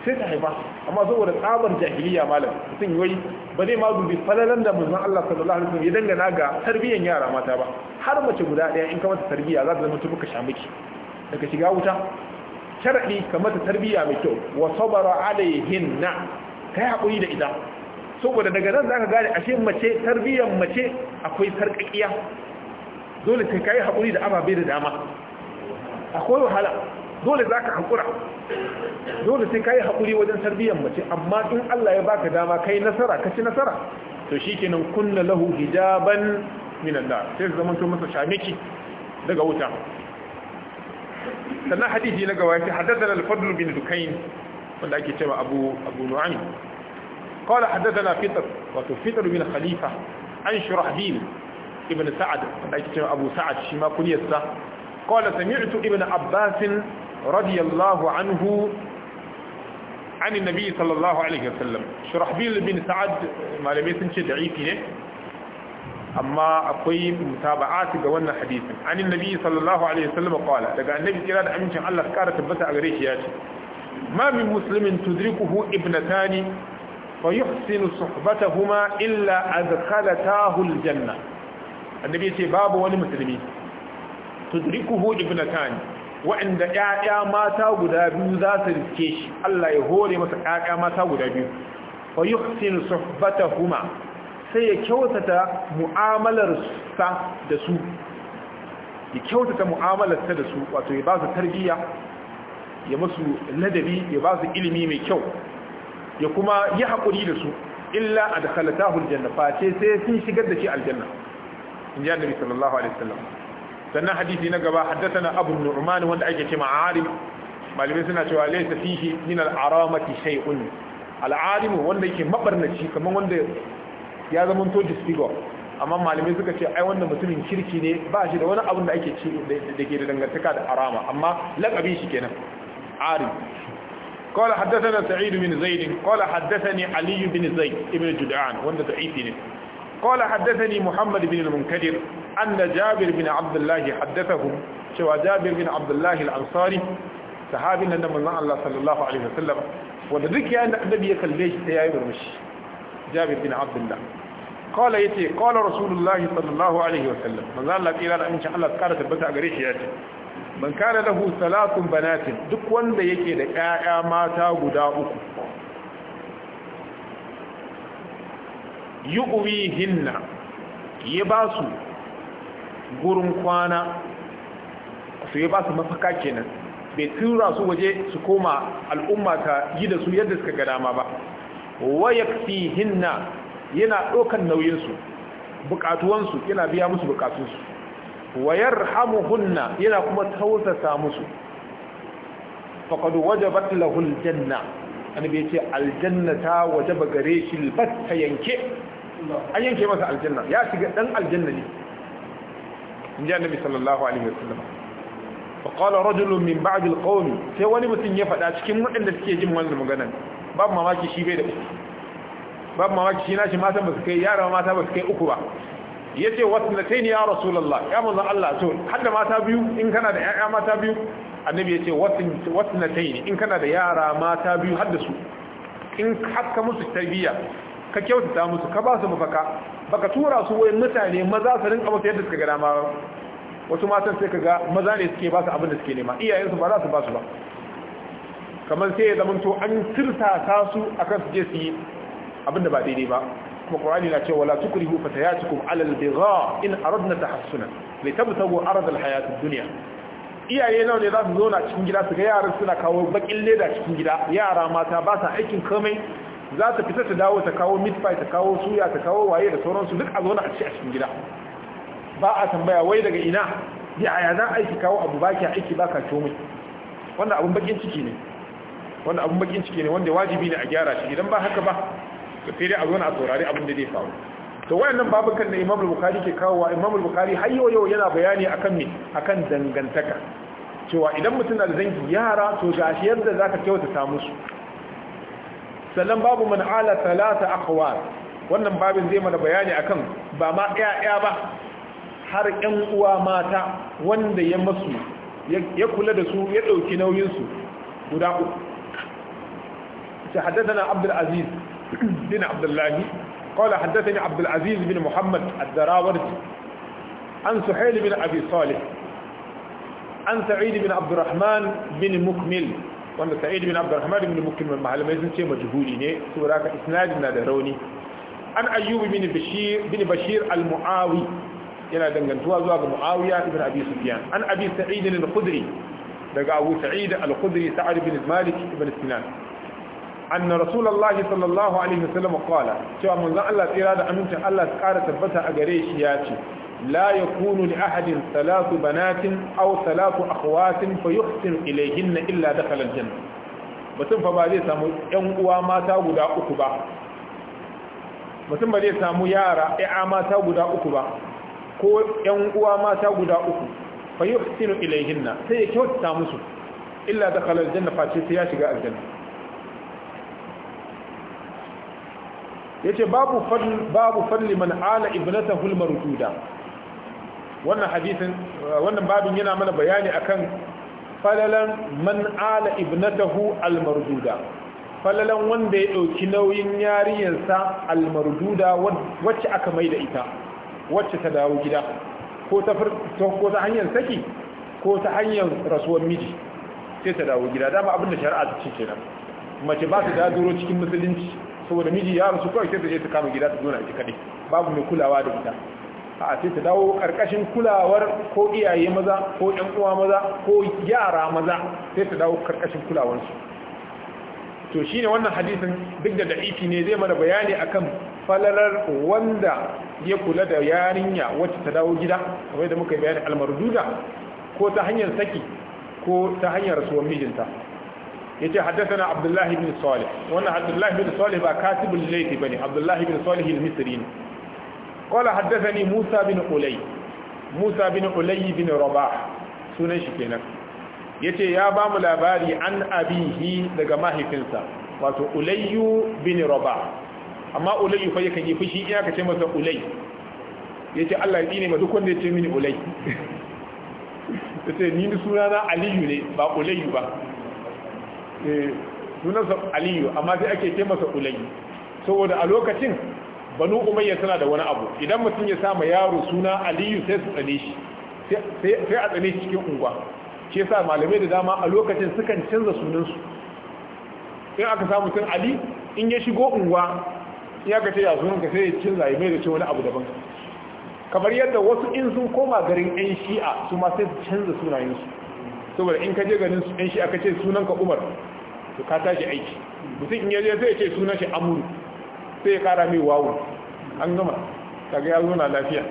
sai ta haifa amma saboda tsabar jahiliya malam mutum yoyi ba zai ma dubi falalan da manzon Allah sallallahu alaihi wasallam ya dangana ga tarbiyyar yara mata ba har mace guda ɗaya in ka mata tarbiyya za ta zama tubuka shamiki daga shiga wuta Sharaɗi ka mata tarbiyya mai kyau wa sabara Ka yi hakuri da ita saboda daga nan za ka gane ashe mace tarbiyyar mace akwai sarƙaƙiya. dole sai yi hakuri da ababe da dama akwai wahala dole za ka haƙura dole sai ka yi haƙuri wajen tarbiyyar mace amma in Allah ya baka dama ka yi nasara ka ci nasara to shi kenan kunna lahu hijaban minan da sai su zama masa shamiki daga wuta sannan hadisi na gaba ya haddathana al-fadl bin dukayn wanda ake cewa abu abu nu'aym qala haddathana fitr wato fitr bin khalifa an shurahbil ibn sa'ad wanda ake cewa abu sa'ad shi ma kuliyarsa qala sami'tu ibn abbas radiyallahu anhu عن النبي صلى الله عليه وسلم شرحبيل بن سعد ما لم يسنش ضعيفي ne amma akwai mutaba'ati ga wannan hadisin an annabi sallallahu alaihi wasallam qala daga annabi kira a amincin Allah kara tabbata a gare shi ya ce ma min muslimin tudrikuhu ibnatani fa yuhsinu suhbatahuma illa adkhalatahu janna annabi ce babu wani musulmi tudrikuhu ibnatani waɗanda ƴaƴa mata guda biyu za su riske shi Allah ya hore masa ƴaƴa mata guda biyu wa yuhsin suhbatahuma sai ya kyautata mu'amalar sa da su ya kyautata mu'amalar sa da su wato ya ba su tarbiyya ya musu ladabi ya ba su ilimi mai kyau ya kuma yi haƙuri da su illa adkhalatahu aljanna fa ce sai sun shigar da shi aljanna in ji annabi sallallahu alaihi wasallam sannan hadisi na gaba haddathana abu nu'man wanda ake cewa alim malamai suna cewa laysa fihi min al-aramati shay'un al wanda yake mabarnaci kaman wanda ya zama to disfigo amma malamai suka ce ai wanda mutumin kirki ne ba shi da wani abu da ake ce da ke da dangantaka da arama amma lakabi shi kenan arim قال حدثنا سعيد بن زيد قال حدثني علي بن زيد ابن جدعان وانت ضعيف قال حدثني محمد بن المنكدر anna jabir bin abdullahi haddathahu cewa jabir bin abdullahi al-ansari sahabin nan da manzon Allah sallallahu alaihi wasallam wanda duk yayin da annabi ya kalle shi sai yayi murmushi jabir bin abdullah qala yace qala rasulullahi sallallahu alaihi wasallam manzon Allah kira da amincin Allah kara tabbata a gare shi yace man kana lahu salatun banatin duk wanda yake da ƴaƴa mata guda uku yu'wihinna ya su. gurin kwana su yi ba su mafaka kenan bai tura su waje su koma al'umma ta yi da su yadda suka ga dama ba fi hinna yana ɗaukan nauyinsu bukatuwansu yana biya musu bukatunsu hamu hunna yana kuma tausasa musu waje wajabat janna, wani bai ce aljanna ta waje ba gare shi albatta yanke an yanke masa aljanna ya shiga ɗan aljanna ne inji bi sallallahu alaihi wasallam fa qala rajulun min ba'd alqawm sai wani mutum ya fada cikin waɗanda suke jin wannan magana babu mamaki shi bai da uku babu mamaki shi nashi mata ba su kai yara mata ba su kai uku ba yace wasnatayn ya rasulullah ya manzo Allah to hadda mata biyu in kana da yaya mata biyu annabi yace wasnatayn in kana da yara mata biyu hadda su in hakka musu tarbiyya ka kyautata musu ka ba su mafaka baka tura su wayan mutane maza su rinka musu yadda suka ga dama wasu matan sai kaga maza ne suke ba su abin da suke nema iyayensu ba za su ba su ba kamar sai ya zamanto an tirtasa su akan su je su yi abin ba daidai ba kuma Qur'ani na cewa la tukrihu fatayatukum ala al-bigha in aradna tahassuna li tabtagu arad al-hayat ad-dunya iyaye nawa ne za su na cikin gida su ga yaran suna kawo bakin leda cikin gida yara mata ba sa aikin komai za ta fita ta dawo ta kawo meat pie ta kawo suya ta kawo waye da sauransu duk a zauna a ci a cikin gida ba a tambaya wai daga ina yaya za aiki kawo abu baki aiki baka komai wannan abun bakin ciki ne wannan abun bakin ciki ne wanda wajibi ne a gyara shi idan ba haka ba to sai dai a na a saurari abin da zai faru to wayannan babukan da Imam Bukhari ke kawowa Imam Bukhari har yau yau yana bayani akan me akan dangantaka cewa idan mutum na da dangi yara to gashi yadda zaka ta musu sannan babu man ala talata akhwat wannan babin zai mana bayani akan ba ma ƴaƴa ba har ƴan uwa mata wanda ya masu ya kula da su ya dauki nauyin su guda uku ta haddathana Abdul Aziz bin Abdullah قال حدثني عبد العزيز بن محمد الدراوردي عن سحيل بن أبي صالح عن an Sa'id bin الرحمن bin مكمل wanda sa'id bin al-rahman bin mukmin malamai sun ce majhuli ne saboda haka isnadin na da rauni an ayyubi bin bashir bin bashir al-muawi yana dangantuwa zuwa ga muawiya ibn abi sufyan an abi sa'id al-khudri daga abu sa'id al-khudri sa'ad bin malik ibn sinan anna rasulullah sallallahu alaihi wasallam qala cewa manzon Allah tsira da amincin Allah ya kara tabbata a gare shi ya ce لا يكون لأحد ثلاث بنات أو ثلاث أخوات فيحسن إليهن إلا دخل الجنة mutum fa ba zai samu ‘yan uwa mata guda uku ba mutum ba zai samu yara ‘ya'a mata guda uku ba ko ‘yan uwa mata guda uku fa yi sinu ilaihinna sai ya kyautata musu illa da kalar janna face sai ya shiga aljanna ya ce babu falli man ala ibnata hulmar juda wannan hadisin wannan babin yana mana bayani akan falalan man ala ibnatahu almarduda falalan wanda ya dauki nauyin yarinyarsa almarduda wacce aka maida ita wacce ta dawo gida ko ta ko ta hanyar saki ko ta hanyar rasuwar miji sai ta dawo gida dama abinda shari'a ta ce kenan mace ba ta dawo cikin musulunci saboda miji ya rasu kawai sai ta je ta kama gida ta zo na ita kadai babu mai kulawa da ita a sai ta dawo ƙarƙashin kulawar ko iyaye maza ko ƴan uwa maza ko yara maza sai ta dawo karkashin kulawarsu to shi ne wannan hadisin duk da da'ifi ne zai mana bayani akan falalar wanda ya kula da yarinya wacce ta dawo gida kamar da muka bayani almarduda ko ta hanyar saki ko ta hanyar rasuwar mijinta yace haddathana abdullahi bin salih wannan abdullahi bin salih ba katibul ba ne. abdullahi bin salih al-misri ne qala haddathani Musa bin Ulay Musa bin Ulay bin Rabah sunan shi kenan yace ya bamu labari an abihi daga mahaifinsa wato Ulayyu bin Rabah amma Ulayyu fa yakan yi fushi in aka ce masa Ulay yace Allah ya dine ma duk wanda ya ce mini Ulay yace ni suna Aliyu ne ba Ulayyu ba eh sunansa Aliyu amma sai ake ce masa saboda a lokacin banu umayya suna da wani abu idan mutum ya ma yaro suna aliyu sai su tsane shi sai a tsane shi cikin unguwa Ke sa malamai da dama a lokacin sukan canza sunansu in aka samu mutum ali in ya shigo unguwa in aka ce ya sunanka sai ya canza ya mai da ce wani abu daban kamar yadda wasu in sun koma garin yan shi'a su ma sai su canza sunayensu saboda in ka je ganin yan shi'a ka ce sunanka umar to ka tashi aiki mutum in ya je sai ya ce sunan shi amuru sai ya kara mai wawo an gama kaga ya zauna lafiya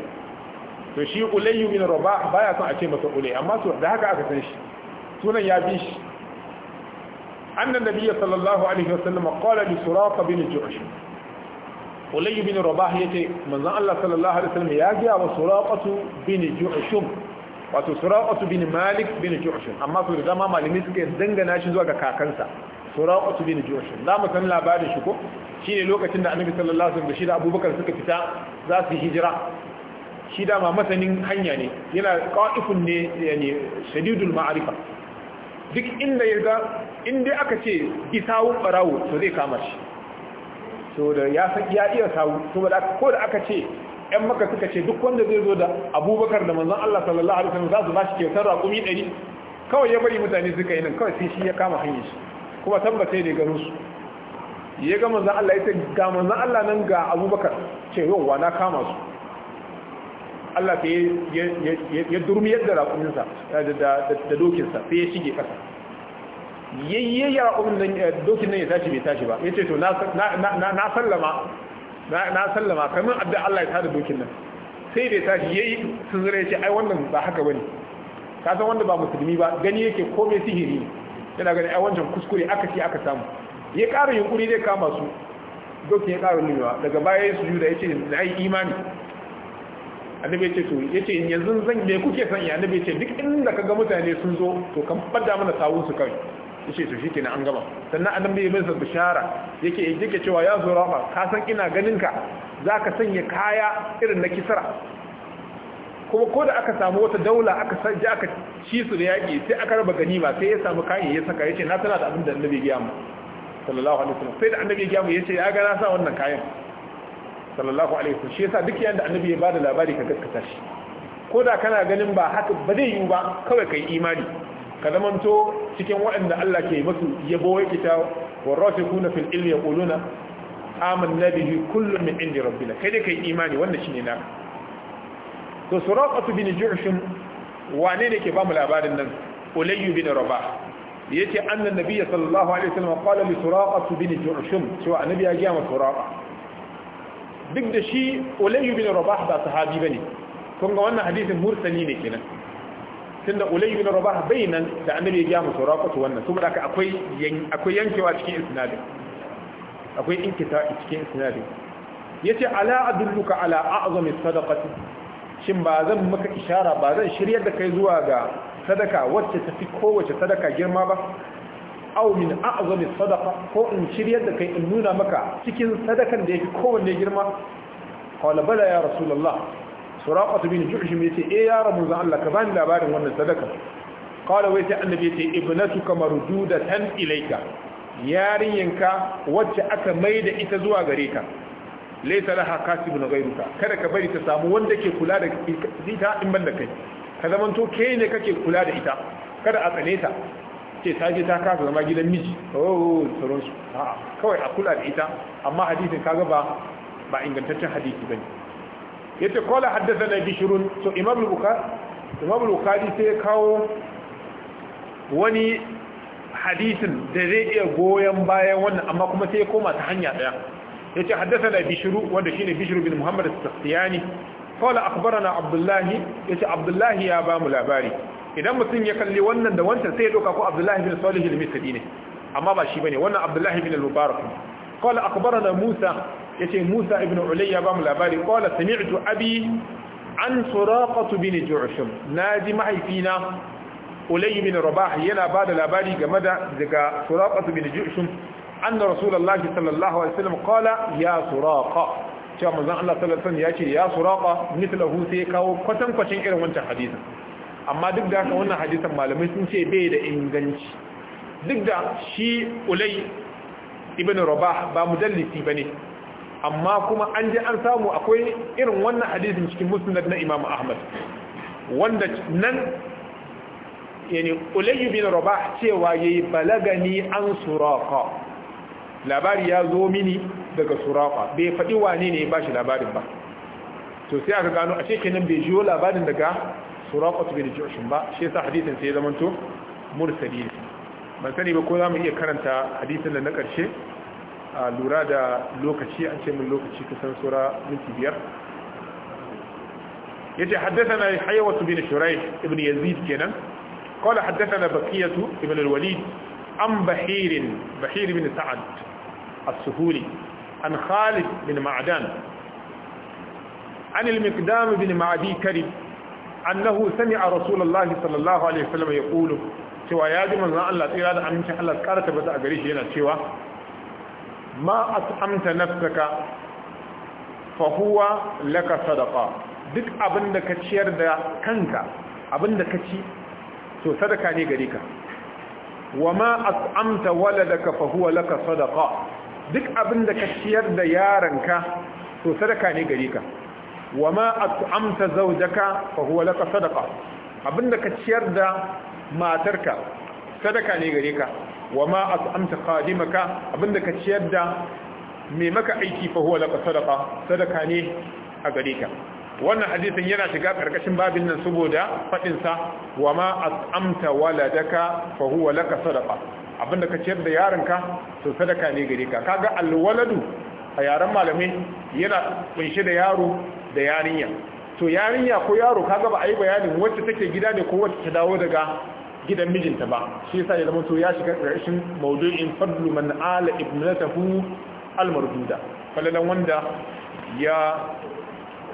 to shi ulayyu min raba baya son a ce masa ulay amma su da haka aka san shi sunan ya bi shi annan biya sallallahu alaihi wasallam qala li suraka bin juhsh ulayyu roba ya ce manzan Allah sallallahu alaihi wasallam ya ga wa suraqatu bin juhsh wato suraqatu bin malik bin juhsh amma su da dama malami suke dangana shi zuwa ga kakansa suraqatu bin juhsh da mu san labarin shi ko Shi ne lokacin da annabi sallallahu alaihi wasallam da shi da abubakar suka fita za su hijira shi dama masanin hanya ne yana qa'ifun ne yani shadidul ma'rifa duk inda ya ga inda aka ce sawu barawo to zai kama shi to da ya san ya iya sawu to ba ko da aka ce ƴan maka suka ce duk wanda zai zo da abubakar da manzon Allah sallallahu alaihi wasallam za su bashi kyautar raqumi 100 kawai ya bari mutane suka yi nan kawai sai shi ya kama hanyar shi kuma tabbata ne garin su ya ga manzan Allah ya ce ga manzan Allah nan ga abubakar ce wa na kama su Allah ta ya durmi yadda rakuminsa da dokinsa sai ya shige ƙasa yayye ya rakumin nan eh, dokin nan ya tashi bai tashi ba ya ce to na sallama na sallama kamar abin Allah ya tada dokin nan sai bai tashi yayi sun zira ya ce ai wannan ba haka bane ka san wanda ba musulmi ba gani yake komai sihiri yana gani ai wancan kuskure aka ce aka samu ya ƙara yunkuri zai kama su dokin ya ƙara nuna daga baya su juda ya ce na yi imani annabi ya ce to ya ce yanzu zan me kuke son ya annabi ya ce duk inda ka ga mutane sun zo to kan fadda mana sawun su kai ya ce to shi kenan an gama sannan annabi ya masa bishara yake yake cewa ya zo rafa ka san ina ganin ka zaka sanya kaya irin na kisra kuma ko da aka samu wata daula aka sanje aka ci su da yaƙi sai aka raba ganima sai ya samu kayan ya saka ya ce na tana da abin da annabi ya mu sallallahu alaihi wasallam sai da annabi ya gamu yace ya ga na sa wannan kayan sallallahu alaihi wasallam shi yasa duk yanda annabi ya bada labari ka gaskata shi ko da kana ganin ba haka ba zai yiwu ba kawai kai imani ka zamanto cikin waɗanda Allah ke masu yabo ya kita wa rasikuna fil ilmi yaquluna amanna bihi kullu min indi rabbina kai da kai imani wannan shine naka to suraqatu bin ju'shum wane ne ke ba mu labarin nan ulayyu bin rabah yake annan nabiyyi sallallahu alaihi wasallam qala li suraqa bin jurshum cewa annabi ya gaya ma suraqa duk da shi ulay bin rabah ba sahabi bane kun ga wannan hadisin mursali ne kenan tunda ulay bin rabah bainan da annabi ya gaya ma suraqa to wannan saboda haka akwai akwai yankewa cikin isnadin akwai inkita cikin isnadin yace ala adulluka ala a'zami sadaqati shin ba zan maka ishara ba zan shiryar da kai zuwa ga sadaka wacce tafi kowace sadaka girma ba aw min a'zami sadaqa ko in shiryar da kai in nuna maka cikin sadakan da yake kowanne girma qala bala ya rasulullah suraqatu bin juhshim ce, eh ya rabu zan Allah ka bani labarin wannan sadaka qala wai sai annabi yace ibnatuka marjudatan ilayka yarinyanka wacce aka maida ita zuwa gare ka laysa laha kasibun ghayruka kada ka bari ta samu wanda ke kula da ita in da kai ka zamanto ke ne kake kula da ita kada a tsane ta ce ta je ta kasa zama gidan miji oh tsoron su kawai a kula da ita amma hadisin kaga ba ba ingantaccen hadisi bane yace qala haddathana bishrun so imam al-bukhari imam al-bukhari sai kawo wani hadisin da zai iya goyon bayan wannan amma kuma sai ya koma ta hanya daya yace haddathana bishru wanda shine bishru bin muhammad as-sakhtiyani qala akhbarana abdullahi ya ce abdullahi ya ba mu labari idan mutum ya kalli wannan da wancan sai ya doka ko abdullahi bin salih al ne amma ba shi ba ne wannan abdullahi bin al-mubarak qala akhbarana musa ya ce musa ibn ulayya ba mu labari qala sami'tu abi an suraqah bin na ji mahaifina ulay bin rabah yana bada labari game da daga suraqah bin ju'shum anna rasulullahi sallallahu alaihi wasallam qala ya suraqah cewa manzon Allah sallallahu alaihi ya ce ya suraqa mithluhu sai kawo kwatan kwacin irin wancan hadisin amma duk da haka wannan hadisin malamai sun ce bai da inganci duk da shi ulai ibn rabah ba mudallisi bane amma kuma an je an samu akwai irin wannan hadisin cikin musnad na Imam Ahmad wanda nan yani Ulay bin Rabah cewa yayi balagani an suraka labari ya zo mini daga suraka bai faɗi wane ne ba shi labarin ba to sai aka gano a nan bai jiyo labarin daga suraka su bai da jiyoshin ba shi yasa hadisin sai ya zamanto mursali ne ban sani ba ko za mu iya karanta hadisin da na ƙarshe a lura da lokaci an ce min lokaci kusan sura minti biyar yace haddathana hayyawatu bin shuraih ibn yazid kenan قال حدثنا بقية Ibn alwalid an بحير bin sa'ad sa'ad السهولي عن خالد بن معدان عن المقدام بن معدي كرب أنه سمع رسول الله صلى الله عليه وسلم يقول cewa ya ji manzan Allah tsira da amincin Allah ƙara tabbata a gare shi yana cewa ma at'amta nafsaka laka duk abin da ka ciyar da kanka abin da ka ci to sadaka ne gare ka wa ma at'amta waladaka fa huwa laka sadaqa duk abin da ka ciyar da yaranka to sadaka ne gare ka wa ma at'amta zawjaka fa huwa laka sadaqa abin da ka ciyar da matarka sadaka ne gare ka wa ma at'amta qadimaka abin da ka ciyar da mai maka aiki fa huwa laka sadaqa sadaka ne a gare ka wannan hadisin yana shiga karkashin babin nan saboda fadin sa wa ma at'amta waladaka fa huwa laka sadaqa abinda ka ciyar da yaronka to sadaka ne gare ka kaga alwaladu a yaren malamai yana kunshe da yaro da yarinya to yarinya ko yaro kaga ba a yi bayanin wacce take gida ne ko wacce ta dawo daga gidan mijinta ba shi yasa ya zama to ya shiga karshen maudu'in fadlu man ala ibnatahu almarduda falalan wanda ya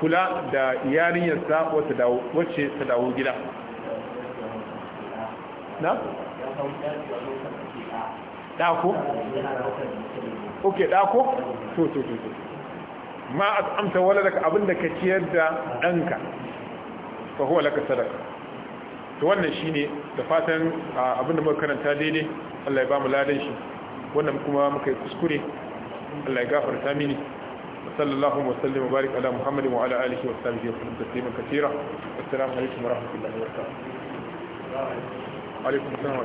kula da yarinyarsa wacce dawo wacce ta dawo gida na dako ok dako to to to ma amsa wala daga abinda ka ciyar da ɗanka ka huwa laka sadaka to wannan shi ne da fatan abinda muka karanta daidai Allah ya ba mu ladan shi wannan kuma muka yi kuskure Allah ya gafarta mini sallallahu wa sallam wa barik ala muhammadin wa ala alihi wa sahbihi wa sallam tasliman katira assalamu alaikum wa rahmatullahi wa barakatuh alaikum assalam wa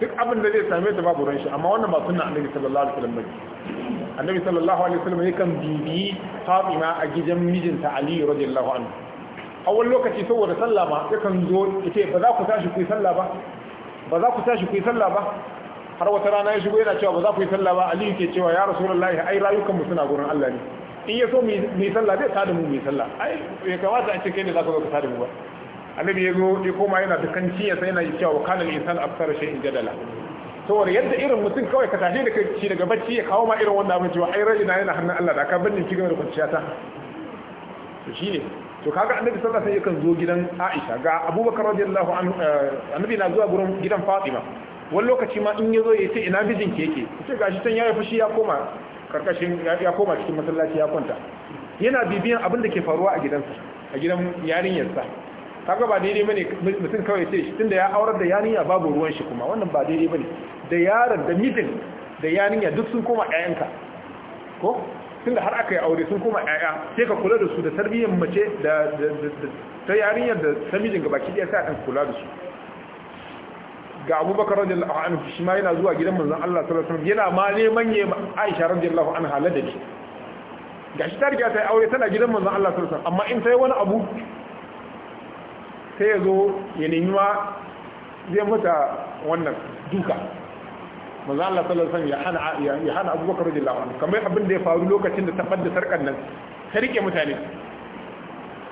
duk abin da zai same ta babu ran shi amma wannan ba sunna annabi sallallahu alaihi wasallam bane annabi sallallahu alaihi wasallam yakan bibi Fatima a gidan mijinta Ali radiyallahu anhu a wani lokaci saboda sallah ma yakan zo yace ba za ku tashi ku yi sallah ba ba za ku tashi ku yi sallah ba har wata rana ya shigo yana cewa ba za ku yi sallah ba Ali yake cewa ya rasulullahi ai rayukan mu suna gurin Allah ne in ya so mu yi sallah zai tada mu mu yi sallah ai ya kamata a ce kai ne za ka zo ka tada mu ba annabi ya zo ya koma yana da kanci ya sai yana cewa wa kana ne insan shi in jadala saboda yadda irin mutum kawai ka tashi daga shi daga bacci ya kawo ma irin wannan abin cewa ai na yana hannun Allah da ka bannin cikin da kwanciya ta to shine to kaga annabi sallallahu alaihi wasallam yakan zo gidan Aisha ga Abubakar radiyallahu anhu eh, annabi na zuwa gurin gidan Fatima wani lokaci ma in yazo yace ina bijin ke yake ce gashi tan yayi fushi ya koma karkashin ya koma cikin masallaci ya kwanta yana bibiyan abin da ke faruwa a gidansa a gidan yarinyarsa kaga ba daidai bane mutum kawai ce shi tunda ya aurar da yaninya babu ruwan shi kuma wannan ba daidai bane da yaron da mijin da yaninya duk sun koma ƴaƴanka ko tunda har aka yi aure sun koma ƴaƴa sai ka kula da su da tarbiyyar mace da ta yarinyar da ta mijin ga baki ɗaya sai a kula da su ga abubakar radiyallahu anhu shi ma yana zuwa gidan manzon Allah sallallahu alaihi wasallam yana ma neman yayi Aisha radiyallahu anha ladabi gashi ta riga ta yi aure tana gidan manzon Allah sallallahu alaihi wasallam amma in ta yi wani abu sai ya zo ya nemi ma zai mata wannan duka Maza Allah sallallahu alaihi wasallam ya hana Abubakar radiyallahu anhu kamar abin da ya faru lokacin da ta fadda sarkar nan ta rike mutane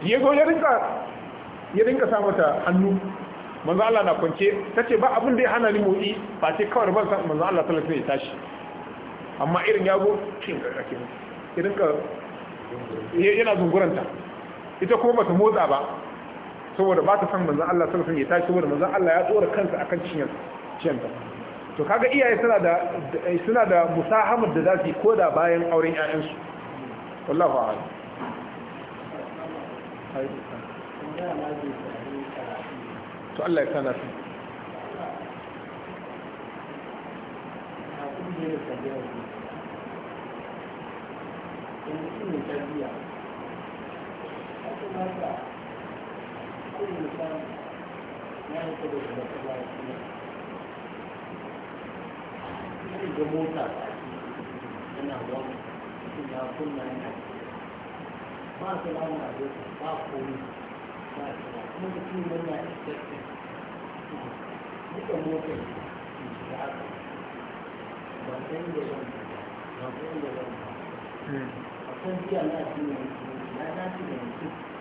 ya zo ya rinka sa mata hannu manzo Allah na kwance ce ba abin da ya hana ni motsi ba sai kawar ban san manzo Allah sallallahu alaihi wasallam ya tashi amma irin yago shin ga kake ya rinka yana zunguranta ita kuma bata motsa ba saboda ba ta san manzan Allah sallallahu alaihi wasallam ya tashi saboda manzan Allah ya tsora kansa akan cinyar ciyanta to kaga iyaye suna da suna da musahamar da zasu yi koda bayan auren ƴaƴan su wallahi a'lam to Allah ya sana su Thank you. da mota yana wani ya kunna yana ba su ba mu abu ba komi ba su ba kuma da kuma yana isasshen duka motar da aka ba san da zan ba san da zan ba a kan biya na shi ne na na shi ne mutum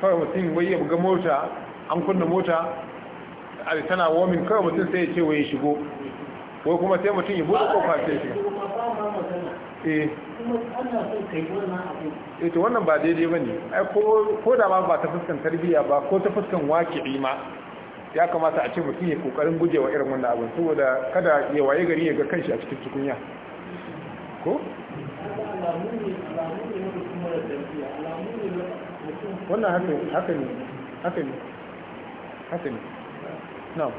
kawai mutum wai ya buga mota an kunna mota a tana warming kawai mutum sai ya ce wai ya shigo wai kuma sai mutum ya buɗe kofa sai shiga eh. eh to wannan ba daidai ba ne ko da ma ba ta fuskan tarbiyya ba ko ta fuskan waki'i ma ya kamata a ce mutum ya kokarin gujewa irin wannan abin saboda kada ya waye gari ya ga kanshi a cikin tukunya ko wannan haka haka ne haka ne haka ne na?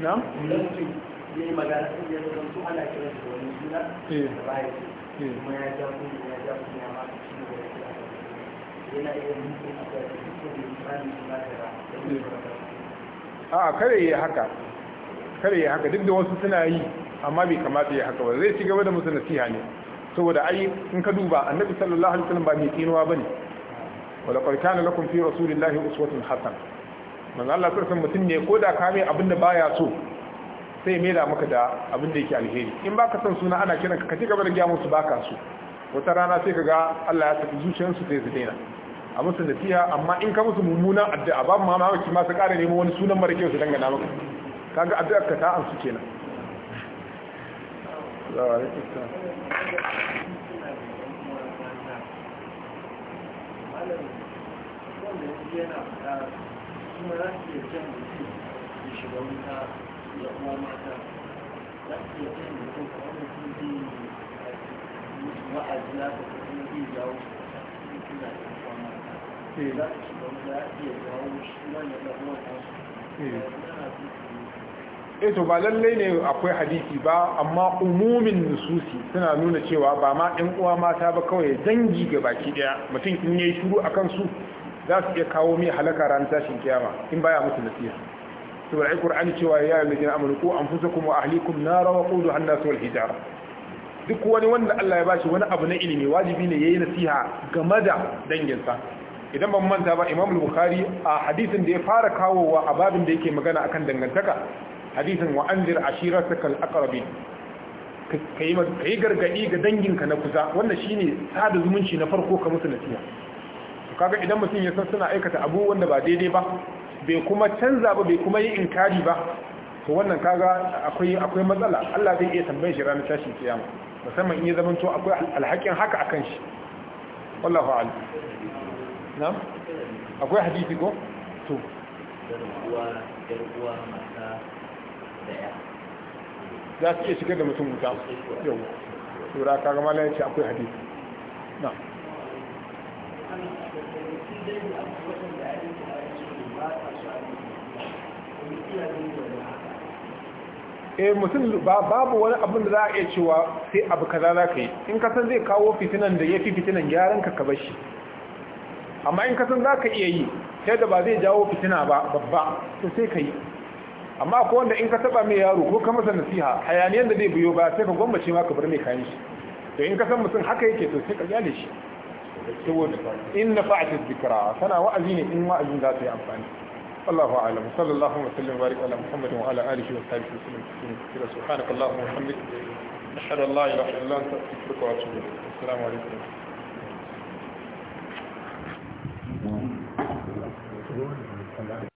na'am wani da ya ya a kare yi haka kare yi haka duk da wasu suna yi amma bai kamata ya haka ba zai ci gaba da musu nasiha ne saboda ai in ka duba annabi sallallahu alaihi wasallam ba mai tsinuwa bane wala qad kana lakum fi rasulillahi uswatun hasana manzo Allah sarkin mutum ne ko da ka mai abin da baya so sai da maka da abin da yake alheri in baka son suna ana kiran ka kace gaba da gya musu baka su wata rana sai kaga Allah ya saki zuciyansu sai su daina a musu nasiha amma in ka musu mummunan addu'a ba ma mamaki ma su ƙara nemo wani sunan mara su dangana maka kaga addu'ar ka ta amsu kenan yana fara kuma za iya mutum ya shiga E, to ba lallai ne akwai hadisi ba amma umumin nususi suna nuna cewa ba ma ɗan uwa mata ba kawai dangi ga baki ɗaya mutum in yayi shiru akan su za su iya kawo mai halaka ran tashin kiyama in baya musu nasiha saboda qur'ani cewa ya yi lajina amanu ku anfusakum wa ahlikum nara wa quduha an-nas wal hijara duk wani wanda Allah ya bashi wani abu na ilimi wajibi ne yayi nasiha game da danginsa idan ban manta ba Imam Bukhari a hadisin da ya fara kawowa a babin da yake magana akan dangantaka hadisin wa anzir ashiratakal aqrabin kai gargadi ga danginka na kusa wannan shine sada zumunci na farko ka musu nasiha kaga idan mutum ya san suna aikata abu wanda ba daidai ba bai kuma canza ba bai kuma yi inkari ba to wannan kaga akwai akwai matsala Allah zai iya tambaye shi ranar tashin kiyama musamman in ya zama to akwai alhakin haka akan shi wallahu a'lam na'am akwai hadisi ko to za su iya shigar da mutum wuta yau tura kaga mala ya ce akwai hadisi na. eh mutum babu wani abin da za a iya cewa sai abu kaza za ka yi in ka san zai kawo fitinan da ya fi fitinan gyaran ka ka bashi amma in ka san za ka iya yi sai da ba zai jawo fitina ba babba to sai ka yi amma ko wanda in ka taba mai yaro ko ka masa nasiha hayaniyan da zai biyo ba sai ka gwambace ma ka bar mai kayan shi to in ka san mutum haka yake to sai ka gyale shi saboda in na zikra sana wa'azi ne in wa'azin za ta yi amfani الله أعلم وصلى الله وسلم وبارك على محمد وعلى آله وصحبه وسلم تسليما سبحانك اللهم وبحمدك أشهد أن لا إله إلا أنت أستغفرك وأتوب إليك السلام عليكم